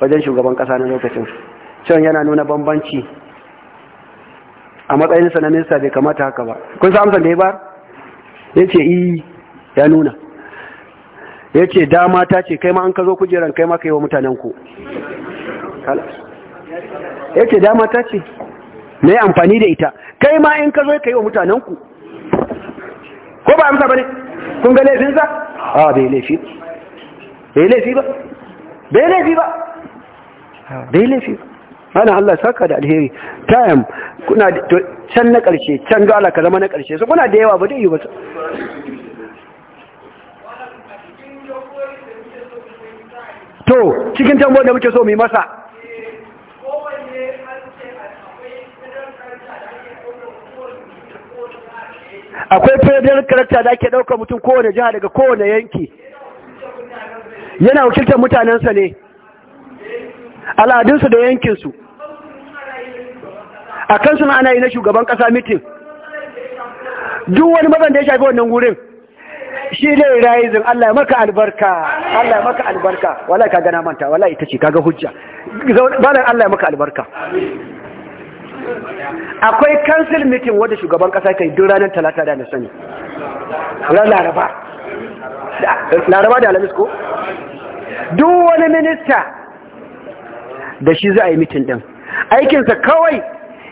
wajen shugaban kasa na lokacin can yana nuna bambanci a matsayin na minista bai kamata haka ba kun sa amsa da ya ba ya ce e, ya nuna ya ce dama ta ce kai ma an ka zo kujeran kai ma ka yi wa mutanenku ya ce dama ta ce na yi amfani da ita kai ma in ka zo ka yi wa mutanenku ko ba amsa ba ne kun ga laifinsa a bai laifi ba bai laifi ba bai laifi ba ana Allah saka da alheri time kuna can na karshe can ga Allah ka zama na karshe so kuna da yawa ba dai yi ba to cikin tambo da muke so mu yi masa akwai federal character da ake dauka mutum kowane jiha daga kowane yanki yana wakiltar mutanensa ne al'adunsu da yankinsu a kan suna ana yi na shugaban kasa mitin duk wani mazan da ya shafi wannan wurin shi ne rayizin Allah ya maka albarka Allah ya maka albarka wallahi ka gana manta wallahi ita ce kaga hujja balan Allah ya maka albarka akwai council meeting wanda shugaban kasa kai duk ranar talata da na sani ran laraba laraba da alamis ko duk wani minista da shi za a yi meeting din aikinsa kawai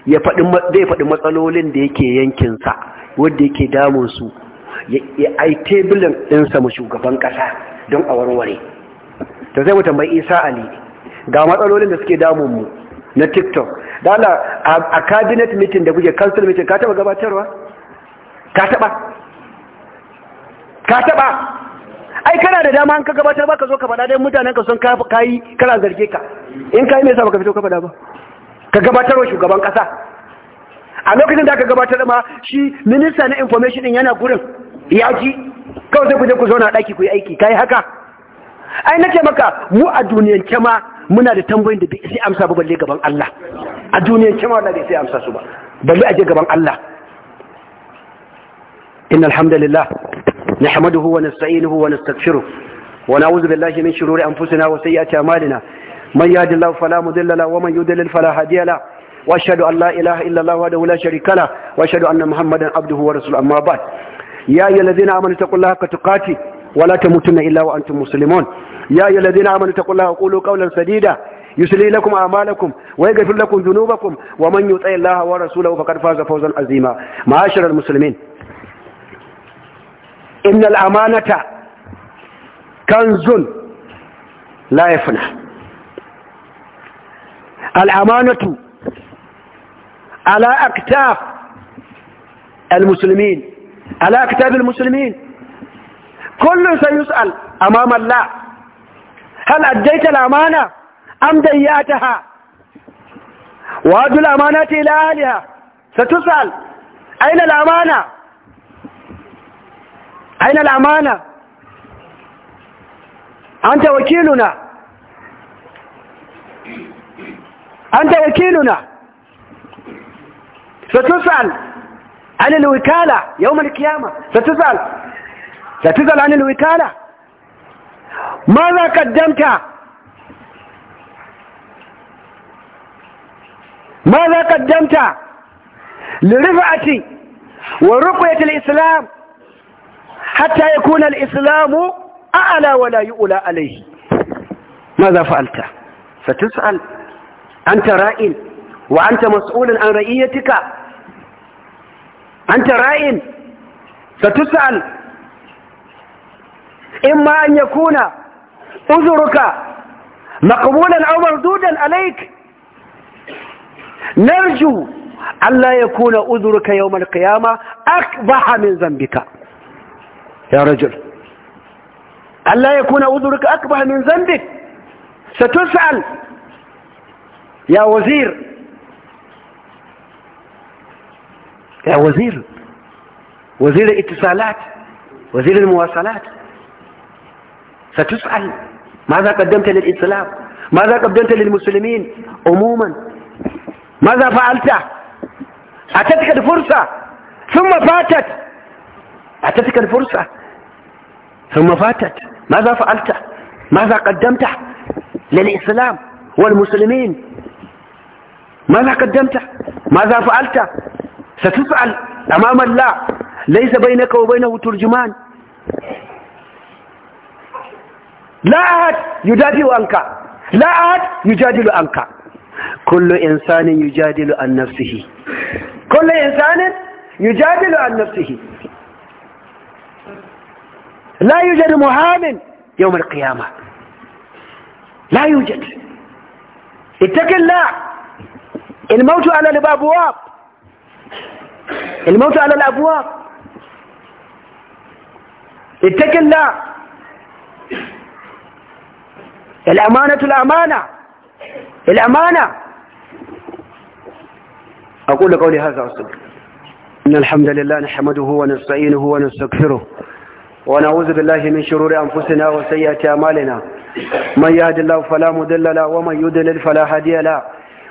ya faɗi zai faɗi matsalolin da yake yankin sa wanda yake damun su ya ai tebulin ɗinsa mu shugaban ƙasa don a warware ta zai mu tambayi isa ali ga matsalolin da suke damun mu na tiktok dala a cabinet meeting da kuke council meeting ka taba gabatarwa ka taba ka taba ai kana da dama an ka gabatar ba ka zo ka faɗa dai mutanen ka sun kayi kana zarge ka in kayi me yasa baka fito ka faɗa ba ka gabatar wa shugaban kasa a lokacin da aka gabatar ma shi minista na information din yana gurin ya ji kawai sai ku je ku zauna daki ku yi aiki kai haka ai nake maka mu a duniyar ma muna da tambayoyin da bai amsa ba balle gaban Allah a duniyar ma wallahi bai sai amsa su ba balle aje gaban Allah Inna alhamdulillah إن الحمد لله نحمده ونستعينه ونستغفره ونعوذ بالله من شرور أنفسنا وسيئة أعمالنا من يهد الله فلا مضل له ومن يضلل فلا هادي له واشهد ان لا اله الا الله وحده لا شريك له واشهد ان محمدا عبده ورسوله اما بعد يا ايها الذين امنوا اتقوا الله حق تقاته ولا تموتن الا وانتم مسلمون يا ايها الذين امنوا اتقوا الله وقولوا قولا سديدا يسلي لكم أعمالكم ويغفر لكم ذنوبكم ومن يطع الله ورسوله فقد فاز فوزا عظيما معاشر المسلمين إن الأمانة كنز لا يفنى الأمانة على أكتاف المسلمين على أكتاف المسلمين كل سيسأل أمام الله هل أديت الأمانة أم ضيعتها وهذه الأمانة إلى أهلها ستسأل أين الأمانة أين الأمانة أنت وكيلنا أنت وكيلنا ستسأل عن الوكالة يوم القيامة ستسأل ستسأل عن الوكالة ماذا قدمت ماذا قدمت لرفعة ورقية الإسلام حتى يكون الإسلام أعلى ولا يؤلى عليه ماذا فعلت ستسأل أنت رائن وأنت مسؤول عن رئيتك أنت رائن ستسأل إما أن يكون أذرك مقبولا أو مردودا عليك نرجو ألا يكون أذرك يوم القيامة أقبح من ذنبك يا رجل ألا يكون أذرك أقبح من ذنبك ستسأل يا وزير يا وزير وزير الاتصالات وزير المواصلات ستسأل ماذا قدمت للإسلام ماذا قدمت للمسلمين عموما ماذا فعلت أتتك الفرصة ثم فاتت أتتك الفرصة ثم فاتت ماذا فعلت ماذا قدمت للإسلام والمسلمين ماذا قدمت ماذا فعلت ستسأل أمام الله ليس بينك وبينه ترجمان لا أحد يجادل عنك لا أحد يجادل عنك كل إنسان يجادل عن نفسه كل إنسان يجادل عن نفسه لا يوجد مهام يوم القيامة لا يوجد اتق الله الموت على الأبواب الموت على الأبواب اتق الله الأمانة الأمانة الأمانة أقول قولي هذا واستغفر إن الحمد لله نحمده ونستعينه ونستغفره ونعوذ بالله من شرور أنفسنا وسيئة أعمالنا من يهد الله فلا مضل له ومن يضلل فلا هادي له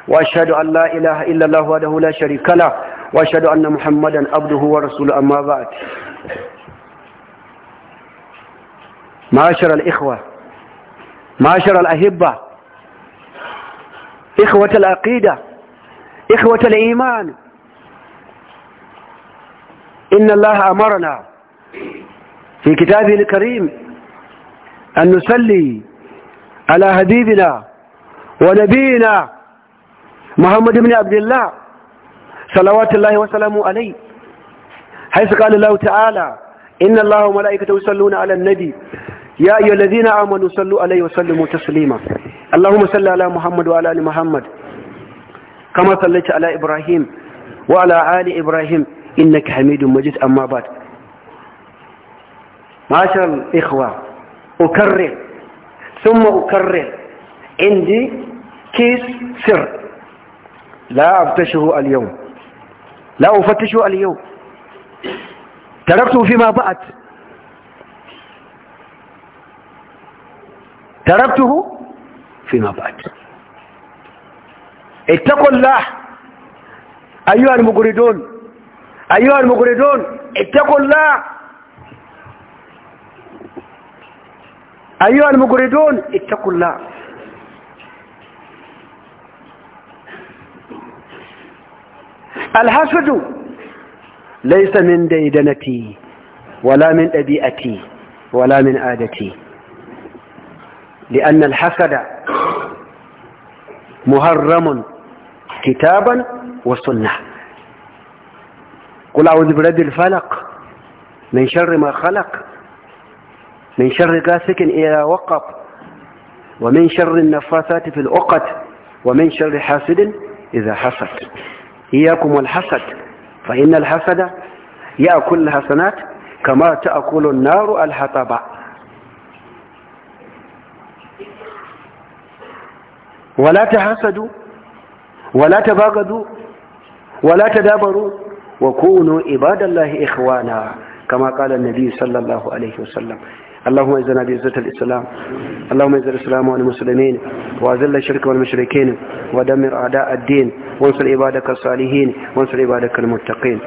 وأشهد أن لا إله إلا الله وحده لا شريك له وأشهد أن محمدا عبده ورسوله أما بعد معاشر الإخوة معاشر الأهبة إخوة العقيدة إخوة الإيمان إن الله أمرنا في كتابه الكريم أن نصلي على حبيبنا ونبينا محمد بن عبد الله صلوات الله وسلامه عليه حيث قال الله تعالى إن الله وملائكته يصلون على النبي يا أيها الذين آمنوا صلوا عليه وسلموا تسليما اللهم صل على محمد وعلى آل محمد كما صليت على إبراهيم وعلى آل إبراهيم إنك حميد مجيد أما بعد معاشر الإخوة أكرر ثم أكرر عندي كيس سر لا أفتشه اليوم لا أفتشه اليوم تركته فيما بعد تركته فيما بعد اتقوا الله أيها المقردون أيها المقردون اتقوا الله أيها المقردون اتقوا الله الحسد ليس من ديدنتي ولا من أبيئتي ولا من عادتي لأن الحسد مهرم كتابا وسنة قل أعوذ برب الفلق من شر ما خلق من شر قاسك إذا وقب ومن شر النفاثات في الأقت ومن شر حاسد إذا حسد إياكم والحسد فإن الحسد يأكل الحسنات كما تأكل النار الحطب ولا تحسدوا ولا تباغضوا ولا تدابروا وكونوا عباد الله إخوانا كما قال النبي صلى الله عليه وسلم اللهم اعزنا بعزة الإسلام اللهم اعز الإسلام والمسلمين وأذل الشرك والمشركين ودمر أعداء الدين وانصر عبادك الصالحين وانصر عبادك المتقين